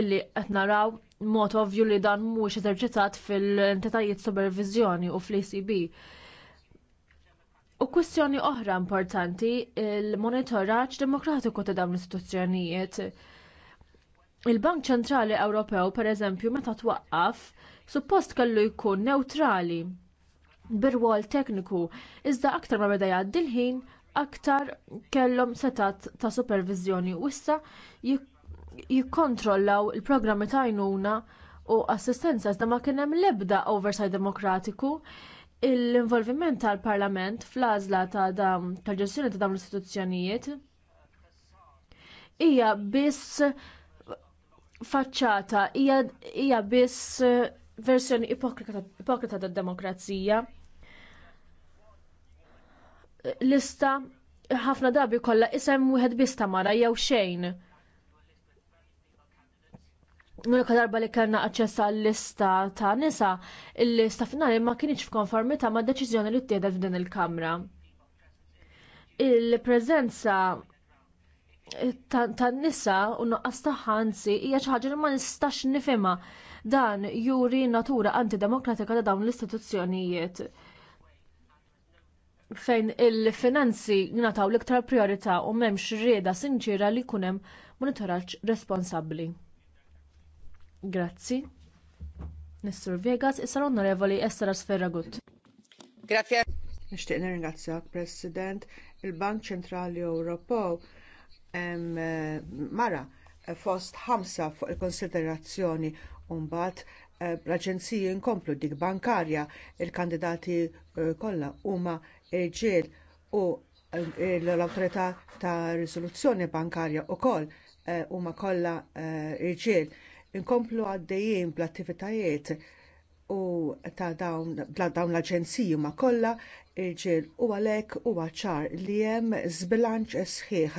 illi qed naraw mod ovvju li dan mhux eżerċitat fil-entitajiet supervizjoni u fl acb U kwestjoni oħra importanti il-monitoraġġ demokratiku ta' dawn l-istituzzjonijiet. Il-Bank Ċentrali Ewropew, pereżempju, meta twaqqaf, suppost kellu jkun neutrali bir-rwol tekniku, iżda aktar ma beda jgħaddi ħin aktar kellhom setat ta' superviżjoni u issa jikkontrollaw il-programmi ta' għajnuna u assistenza iżda ma kien hemm l-ebda oversight demokratiku l-involviment tal-Parlament fl-għażla ta' dam tal-ġestjoni ta' dawn l-istituzzjonijiet hija biss faċċata, hija biss versjoni ipokrita tad-demokrazija. Lista ħafna drabi kollha isem wieħed biss ta' mara jew xejn l-unika darba li kellna aċċess għall-lista ta' nisa, il-lista finali ma kienx f'konformità ma' deċiżjoni li ttieħdet f'din il-Kamra. il prezenza tan nisa u nuqqas taħħanzi hija xi ħaġa li ma nistax nifhimha dan juri natura antidemokratika ta' dawn l-istituzzjonijiet fejn il-finanzi nataw l-iktar priorità u m'hemmx rieda sinċira li jkun hemm monitoraġġ responsabbli. Grazzi. Nistur Vegas, issa l-Onorevoli Esteras Ferragut. Grazie. Nixtieq nirringrazzjak, President. Il-Bank Ċentrali Ewropew mara fost ħamsa fuq il-konsiderazzjoni mbagħad eh, l-aġenziji nkomplu dik bankarja il-kandidati eh, kollha huma irġiel u eh, l-awtorità ta' riżoluzzjoni bankarja wkoll huma kollha irġiel inkomplu għaddejjin bl-attivitajiet u ta' dawn, dawn l-aġenziji ma' kollha ġiel u għalhekk huwa ċar li hemm żbilanċ sħiħ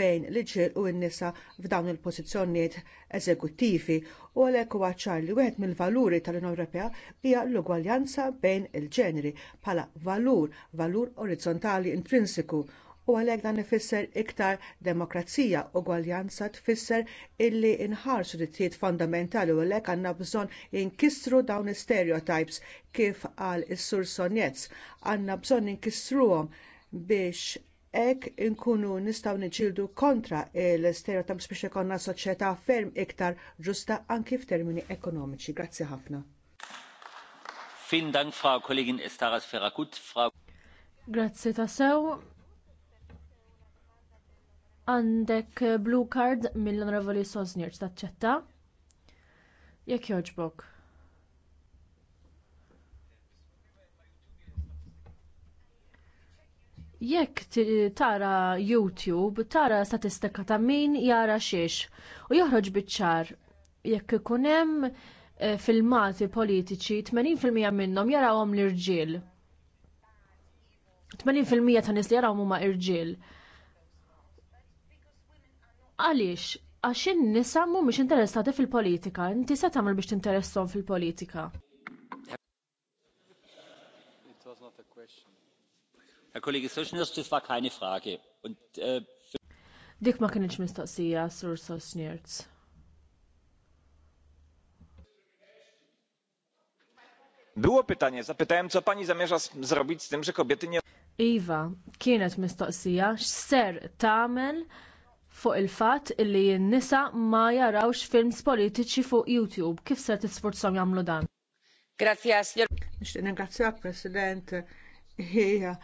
bejn l-irġiel u n-nisa f'dawn il-pożizzjonijiet eżekuttivi u għalhekk huwa ċar li wieħed mill-valuri tal-Unjoni Ewropea hija l-ugwaljanza bejn il-ġeneri bħala valur, valur orizzontali intrinsiku u għalhekk dan ifisser iktar demokrazija u gwaljanza tfisser illi inħarsu drittijiet fondamentali u għalhekk għandna bżonn inkissru dawn stereotypes kif qal is-Sur Sonjez għandna bżonn ninkissruhom biex hekk inkunu nistgħu niġġieldu kontra l-stereotypes biex ikonna soċjetà ferm iktar ġusta anki f'termini ekonomiċi. Grazzi ħafna. dank, Frau Kollegin Estaras Frau Grazzi ta' Għandek blue card mill-Onorevoli Sosnir taċċetta. Jekk jogħġbok. Jekk tara YouTube, tara statistika ta' min jara xiex u joħroġ biċ-ċar jekk ikun hemm eh, filmati politiċi 80% minnhom jarawhom l-irġiel. 80% ta' nies li jarawhom huma irġiel. Għalix, għax in-nisa mhumiex interessati fil-politika, inti se tagħmel biex tinteressom fil-politika. Herr Kollege Sosniers, das war keine Frage. Und, äh, Dik ma kienx mistoqsija, Sur Sosnirz. Było pytanie, zapytałem, co pani zamierza zrobić z tym, że kobiety nie... Iva, kienet mistoqsija, ser tamel, fuq il-fatt li n-nisa ma jarawx films politiċi fuq YouTube. Kif se tisforzhom jagħmlu dan? Grazzjas. Nixtieq ningrazzjak President hija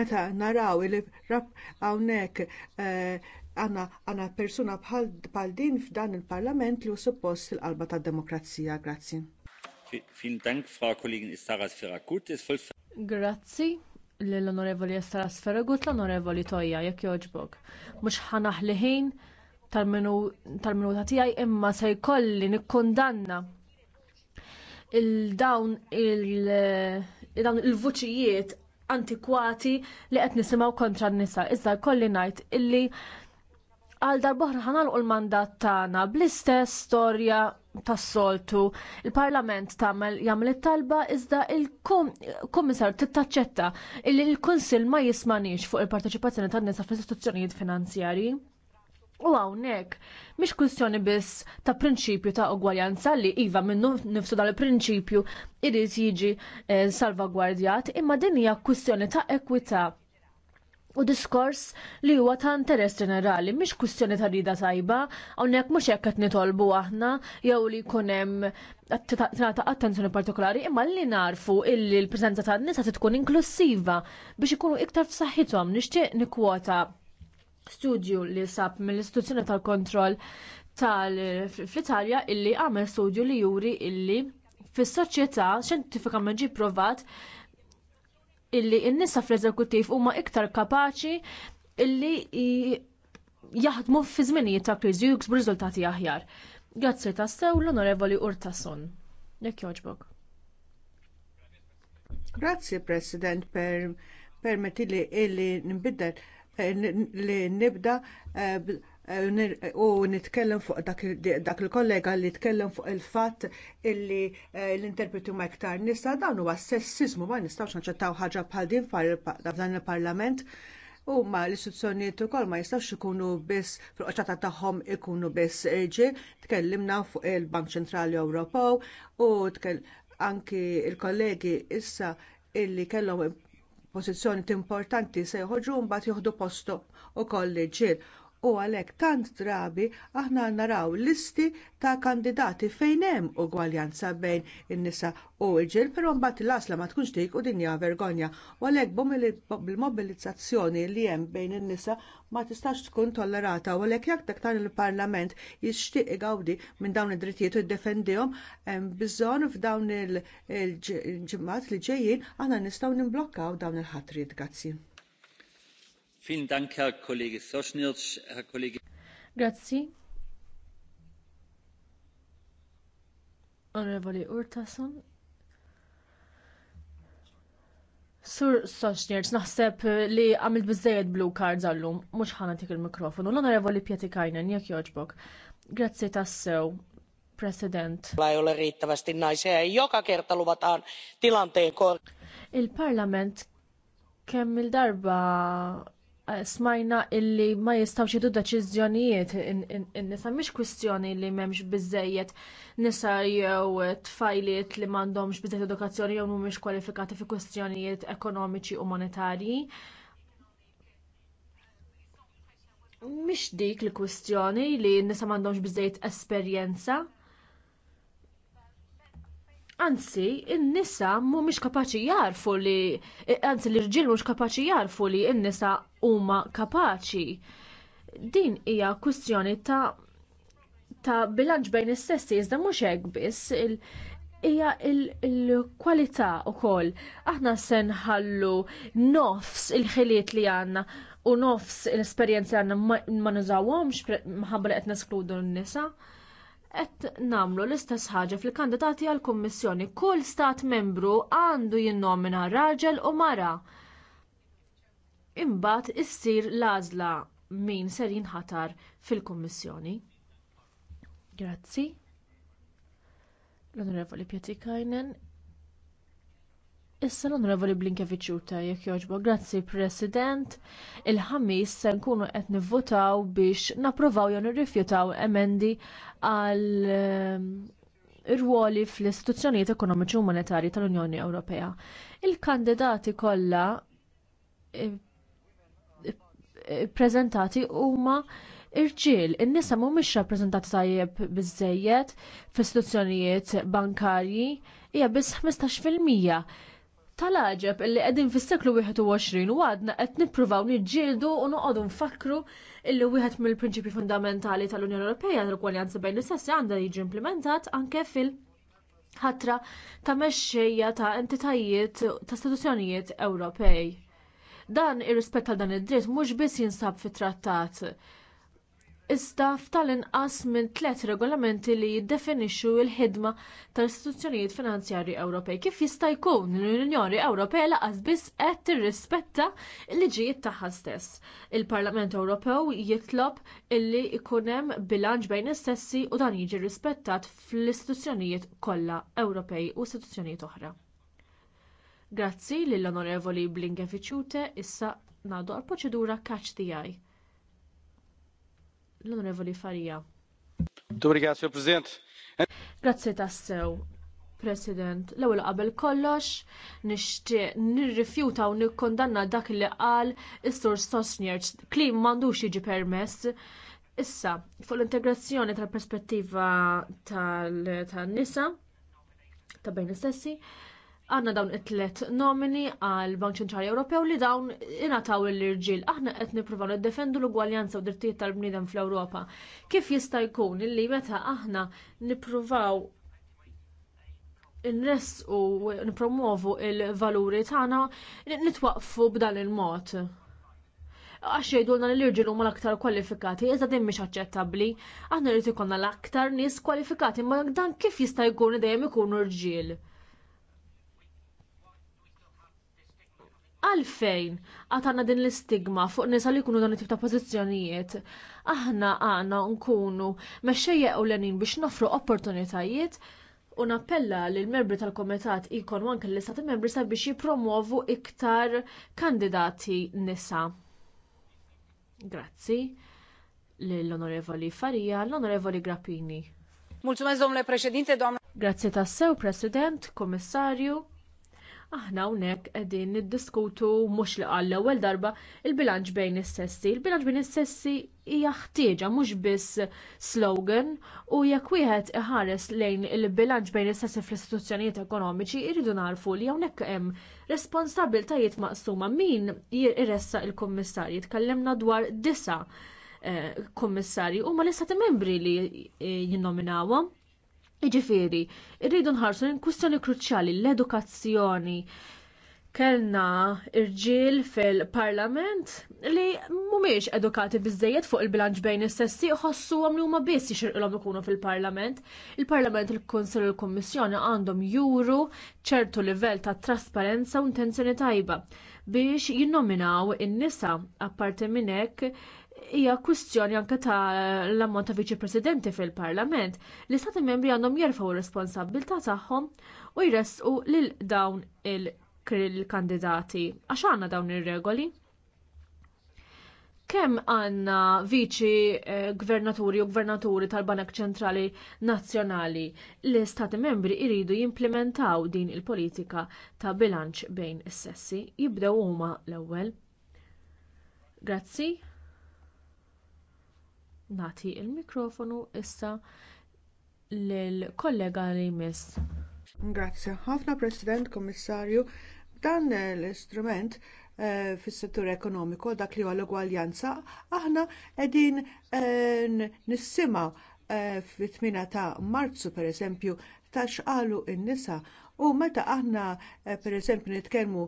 meta naraw li hawnhekk eh, għanna għanna persuna bħal din f'dan il-parlament li hu suppost il-qalba tad-demokrazija. Grazzi. Fin Dank, Frau Kollegin Istaras Ferragut. Grazzi l-onorevoli Estaras Sferagut l-onorevoli Toja jekk jogħġbok. Mhux ħanaħli ħin tal-minuta tiegħi imma se jkolli nikkundanna il-dawn il-vuċijiet antikwati li qed nisimgħu kontra n-nisa. Iżda jkolli ngħid illi għal darbohra ħanalqu l-mandat tagħna bl-istess storja tas-soltu. Il-Parlament tagħmel jagħmel it-talba iżda il-Kummissar tittaċċetta li l-Kunsill ma jismanix fuq il-parteċipazzjoni tan-nisa fl-istituzzjonijiet finanzjarji. U hawnhekk mhix kwistjoni biss ta' prinċipju ta' ugwaljanza li iva minnu nifsu dal-prinċipju irid jiġi eh, salvagwardjat, imma din hija kwistjoni ta' ekwità u diskors li huwa ta' interess ġenerali, mhix kwistjoni ta' rida tajba, hawnhekk mhux hekk qed nitolbu aħna jew li jkun hemm tingħata attenzjoni partikolari, imma li narfu illi l-preżenza tan nisa tkun inklusiva biex ikunu iktar f'saħħithom nixtieq nikkwota studju li sab mill-istituzzjoni tal-kontroll tal-Italja illi għamel studju li juri illi fis-soċjetà xjentifikament ġie provat illi n-nisa fl-eżekuttiv huma iktar kapaċi illi jaħdmu fi żminijiet ta' kriżi u jiksbu riżultati aħjar. Grazzi ta' sew l-Onorevoli Urtason. Jekk joġbok. Grazzi President per permetti li nbidda eh, li nibda eh, Eh, u nitkellem fuq dak il-kollega li tkellem fuq il-fatt illi eh, l-interpretu ma iktar nisa dan huwa sessizmu ma nistgħux naċċettaw ħaġa bħal din f'dan il-Parlament u ma l-istituzzjonijiet ukoll ma jistax ikunu biss fil-qoċata tagħhom ikunu biss ġiel, tkellimna fuq il-Bank Ċentrali Ewropew u anki l kollegi issa illi kellhom pożizzjoni importanti se joħorġu mbagħad jieħdu posto ukoll ġiel u għalhekk tant drabi aħna naraw listi ta' kandidati fejn hemm ugwaljanza bejn in-nisa u l-ġil, però mbagħad l-għasla ma tkunx dik u din hija vergogna. U għalhekk bil-mobilizzazzjoni li hemm bejn in-nisa ma tistax tkun tollerata u għalhekk jekk dak dan il-Parlament jixtieq igawdi minn dawn id-drittijiet u jiddefendihom hemm bżonn f'dawn il-ġimgħat li ġejjin aħna nistgħu nimblokkaw dawn il-ħatrijiet. Grazzi. Vielen Dank, Herr Kollege Herr Kollege. Grazzi. Onorevoli Urtason. Sur Sosnirc, naħseb li għamilt bizzejed blue cards għallum, mux ħana tik il-mikrofonu. L-onorevoli Pieti Kajnen, jek joġbok. Grazzi tassew, President. La riittävästi naisia ja joka kerta luvataan tilanteen kor. Il-parlament kemm il-darba smajna illi ma jistgħux jiddu deċiżjonijiet in-nisa mhix kwistjoni li m'hemmx biżżejjed nisa jew tfajliet li m'għandhomx biżżejjed edukazzjoni jew mhumiex kwalifikati fi kwistjonijiet ekonomiċi u monetarji. Mhix dik il-kwistjoni li n-nisa m'għandhomx bizzejiet esperjenza Anzi, in-nisa mhumiex kapaċi jarfu li anzi l-irġiel mhux kapaċi jarfu li n-nisa huma kapaċi. Din hija kwistjoni ta' ta' bilanċ bejn is-sessi iżda mhux hekk biss hija l-kwalità wkoll. Aħna se nħallu nofs il-ħiliet li għandna u nofs l-esperjenza għandna ma nużawhomx minħabba li qed neskludu n-nisa qed nagħmlu l-istess ħaġa fil-kandidati għall kummissjoni Kull stat membru għandu jinnomina raġel u mara. Imbagħad issir l-għażla min ser jinħatar fil-Kummissjoni. Grazzi. L-Onorevoli Pjatikajnen, Issa l-Onorevoli Blinkeviċuta jekk jogħġbu. Grazzi President. Il-ħamis se nkunu qed nivvotaw biex naprovaw jew nirrifjutaw emendi għal ehm, ir-ruoli fl-istituzzjonijiet ekonomiċi u monetarji tal-Unjoni Ewropea. Il-kandidati kollha eh, eh, prezentati huma irġiel, in-nisa mhumiex rappreżentati tajjeb biżżejjed istituzzjonijiet bankarji hija biss 15 fil-mija tal-ħġeb illi qegħdin fis-seklu 21 u għadna qed nippruvaw niġġieldu u noqogħdu nfakru illi wieħed mill-prinċipji fundamentali tal-Unjoni Ewropea l-kwaljanza bejn l-istessi għandha jiġi implementat anke fil- ħatra ta' mexxejja ta' entitajiet ta' istituzzjonijiet Ewropej. Dan ir-rispett tal dan id-dritt mhux biss jinsab fit-trattat iżda f'tal-inqas minn tliet regolamenti li jiddefinixxu l-ħidma tal-istituzzjonijiet finanzjarji Ewropej. Kif jista' jkun l-Unjoni Ewropea laqas biss qed tirrispetta l-liġijiet tagħha stess. Il-Parlament Ewropew jitlob illi jkun hemm bilanċ bejn is-sessi u dan jiġi rispettat fl-istituzzjonijiet kollha Ewropej u istituzzjonijiet oħra. Grazzi lill-Onorevoli Blinkeviċute issa ngħadu proċedura catch the eye l-Onorevoli Farija. Signor President. Grazzi tassew. President, l-ewwel qabel kollox nixtieq nirrifjuta u nikkondanna dak li qal is-sur Sosnjerċ klim m'għandux jiġi permess. Issa, fuq l-integrazzjoni tal-perspettiva tan-nisa ta' bejn is-sessi, għanna dawn it-tlet nomini għal Bank Ċentrali Ewropew li dawn inataw l-irġil. Aħna qed nippruvaw niddefendu l-ugwaljanza u drittijiet tal-bniedem fl-Ewropa. Kif jista' jkun illi meta aħna nippruvaw nress u nipromovu il-valuri tagħna nitwaqfu b'dan il-mod. Għax jgħidulna l-irġil huma l-aktar kwalifikati, iżda din mhix aċċettabbli, aħna rrid ikollna l-aktar nies kwalifikati, ma dan kif jista' jkun dejjem ikunu rġiel. għalfejn għandna din l-istigma fuq nisa li jkunu dan it-tip ta' pożizzjonijiet. Aħna għandna nkunu l-enin biex nofru opportunitajiet u nappella lill membri tal-komitat ikon anke l-istati membri sabiex jipromovu iktar kandidati nisa. Grazzi l-Onorevoli Farija, l-Onorevoli Grappini. Mulțumesc, domnule președinte, doamnă. Grazie tassew, President, comisariu aħna hawnhekk qegħdin niddiskutu mhux li għall ewwel darba il-bilanċ bejn is-sessi. Il-bilanċ bejn is-sessi hija ħtieġa mhux biss slogan u jekk wieħed iħares lejn il-bilanċ bejn is-sessi fl-istituzzjonijiet ekonomiċi jridu nafu li hawnhekk hemm responsabiltajiet maqsuma min jirressa il-kummissarji. Tkellimna dwar disa eh, kummissarji huma l-istati membri li eh, jinnominawhom Iġifiri, irridu nħarsu l-kwistjoni kruċjali l-edukazzjoni. Kellna irġiel fil-parlament li mhumiex edukati biżżejjed fuq il-bilanċ bejn is-sessi għamlu li huma biss jixirqilhom ikunu fil-parlament. Il-Parlament, il-Kunsill u l-Kummissjoni għandhom juru ċertu livell ta' trasparenza u intenzjoni tajba biex jinnominaw in-nisa apparti minn hekk hija kwistjoni anke ta' l-ammont ta' viċi presidenti fil-Parlament li stati membri għandhom jerfgħu r-responsabbiltà tagħhom u jressqu lil dawn il-kandidati. Għax għandna dawn ir-regoli? Kemm għandna viċi eh, gvernaturi u gvernaturi tal-Banek Ċentrali Nazzjonali li stati membri jridu jimplementaw din il-politika ta' bilanċ bejn is-sessi jibdew huma l-ewwel. Grazzi. Nagħti l mikrofonu issa lill-kollega li jmiss. Grazzi. Ħafna President Kommissarju, dan l-istrument eh, fis-settur ekonomiku dak li huwa l-ugwaljanza aħna qegħdin eh, nissimgħu eh, fit-8 ta' Marzu pereżempju tax qalu n-nisa u meta aħna pereżempju nitkellmu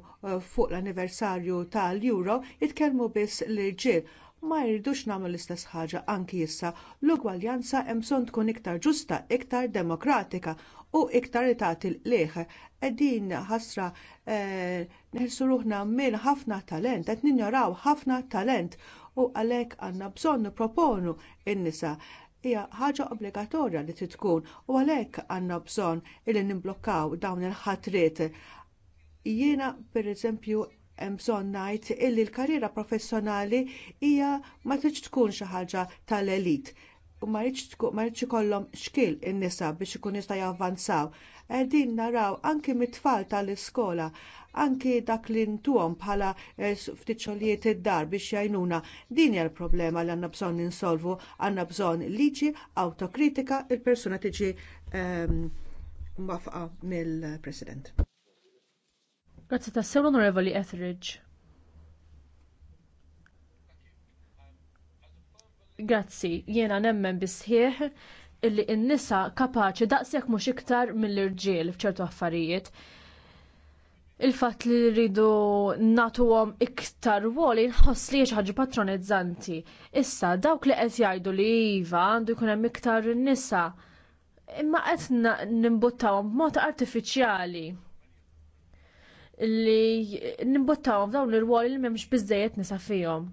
fuq l-anniversarju tal-Euro jitkellmu biss l-irġiel ma jridux nagħmlu l-istess ħaġa anki issa l-ugwaljanza hemm bżonn tkun iktar ġusta, iktar demokratika u iktar tagħti l-qlieħ. Qegħdin ħasra eh, neħsu ruħna minn ħafna talent, qed ninjoraw ħafna talent u għalhekk għandna bżonn nipproponu n nisa hija ħaġa obbligatorja li trid tkun u għalhekk għandna bżonn ili nimblokkaw dawn il-ħatriet. Jiena pereżempju bżonn ngħid illi l-karriera professjonali hija ma tridx tkun xi ħaġa tal-elit u ma rridx ikollhom xkil in-nisa biex ikun jista' javvanzaw. Qegħdin naraw anki mit-tfal tal-iskola anki dak li ntuhom bħala eh, ftit id-dar biex jgħinuna. Din hija l-problema li għandna bżonn insolvu, għandna bżonn liġi, awtokritika, il-persuna tiġi ehm, mwafqa mill-President. Grazzi tassew l-Onorevoli Etheridge. Grazzi, jiena nemmen bisħieħ illi n-nisa kapaċi daqshekk mhux iktar mill-irġiel f'ċertu affarijiet. Il-fatt li rridu għom iktar woli nħoss li ħaġa patronizzanti. Issa dawk li qed jgħidu li iva għandu jkun hemm iktar nisa imma qed nimbuttawhom b'mod artifiċjali li nimbottaw dawn il rwol li m'hemmx biżejjed nisa fihom.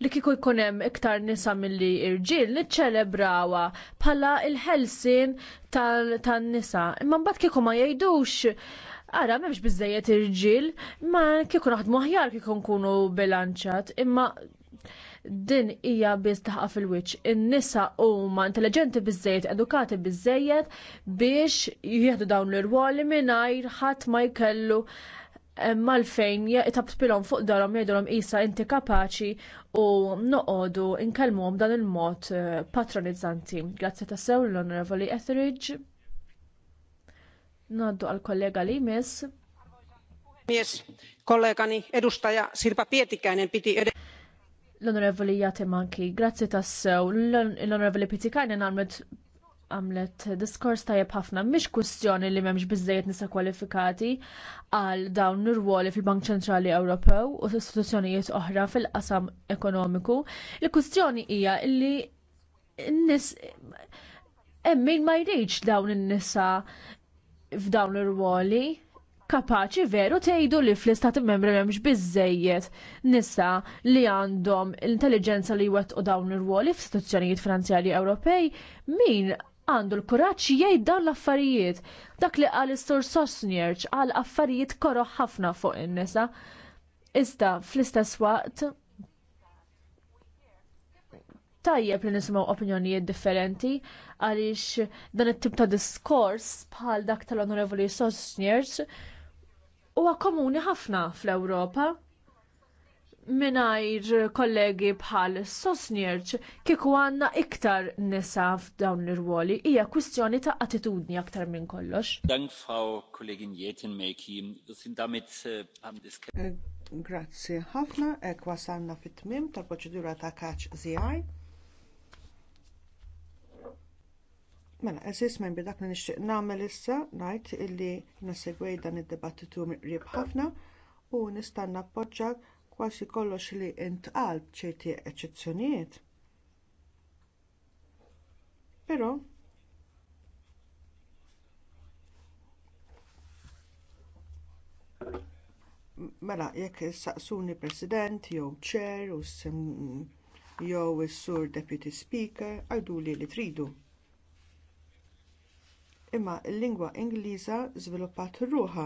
Li kiku jkun hemm iktar nisa milli irġiel niċċelebrawha bħala l-ħelsien tan-nisa. Imma mbagħad kieku ma jgħidux ara m'hemmx biżejjed irġiel, ma kieku naħdmu aħjar kiku nkunu bilanċat, imma din hija biss taħqa fil-wiċċ. In-nisa huma intelligenti biżejjed, edukati biżejjed biex jieħdu dawn l-irwoli mingħajr ħadd ma jkellu eh, malfejn jitabspilhom fuq darhom jgħidulhom isa inti kapaċi u noqogħdu nkellmuhom dan il-mod eh, patronizzanti. Grazzi tassew l-Onorevoli Etheridge. Naddu għal-kollega li miss. Mies, kollegani edustaja Sirpa Pietikäinen piti l-Onorevoli manki, grazzi tassew, l-Onorevoli Pitikajnen għamlet għamlet diskors tajjeb ħafna, mhix kwistjoni li m'hemmx biżżejjed nisa kwalifikati għal dawn ir-ruoli fil-Bank Ċentrali Ewropew u s istituzzjonijiet oħra fil-qasam ekonomiku. il kustjoni hija li n-nis hemm min ma jridx dawn in-nisa f'dawn ir-ruoli kapaċi veru tgħidu li fl-istati membri m'hemmx biżżejjed nisa li għandhom l-intelligenza li jwettqu dawn ir-ruoli f'istituzzjonijiet finanzjarji Ewropej, min għandu l-kuraġġ jgħid dawn l-affarijiet. Dak li qal istur Sosnjerġ għal affarijiet koro ħafna fuq in-nisa. Iżda fl-istess waqt tajjeb li nisimgħu opinjonijiet differenti għaliex dan it-tip ta' diskors bħal dak tal-Onorevoli Sosnjerġ huwa komuni ħafna fl-Ewropa minajr kollegi bħal Sosnierċ kieku għanna iktar nisa f'dawn l-irwoli hija kwistjoni ta' attitudni aktar minn kollox. Dank Frau Kollegin Jetin Meki, damit äh, äh, Grazzi ħafna, ek wasalna fit-tmim tal-proċedura ta' kaċ zijaj. Mela, eżis membri dak li nixtieq nagħmel issa ngħid illi nasegwej dan id-dibattitu miqrib ħafna u nistan nappoġġja kważi kollox li intqal b'ċerti eċċezzjonijiet. Però mela jekk saqsuni president jew chair jew is-sur deputy speaker għajduli li tridu imma l-lingwa Ingliża żviluppat ruħha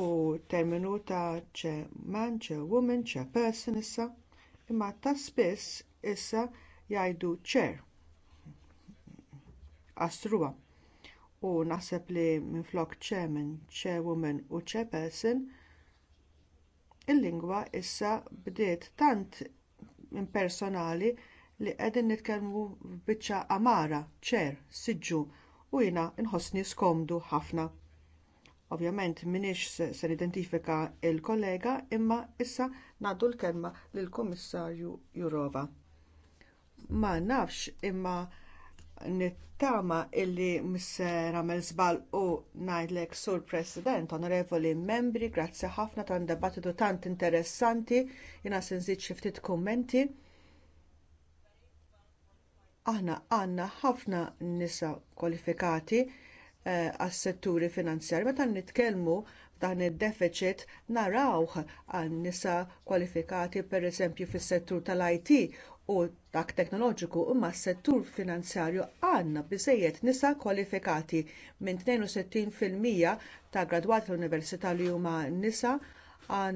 u terminu ta' ċe man, ċe woman, ċe person issa, imma ta' spiss issa jgħidu ċer għastruwa. U naħseb li minflok chairman, chairwoman u chairperson, il-lingwa issa bdiet tant impersonali li qegħdin nitkellmu b'biċċa amara, ċer, siġġu u jiena nħossni skomdu ħafna. Ovvjament minix se identifika l kollega imma issa ngħaddu l-kelma lill kummissarju Jurova. Ma nafx imma nittama illi Mr. Ramel żball u ngħidlek sur President, onorevoli membri, grazzi ħafna tan debattitu tant interessanti, jina nżid xi ftit kummenti aħna għandna ħafna nisa kwalifikati eh, għas-setturi finanzjarji. Meta nitkellmu dan id-deficit narawh għan nisa kwalifikati pereżempju fis-settur tal-IT u dak teknoloġiku imma s-settur finanzjarju għandna biżżejjed nisa kwalifikati minn 62% ta' gradwati tal-università li huma nisa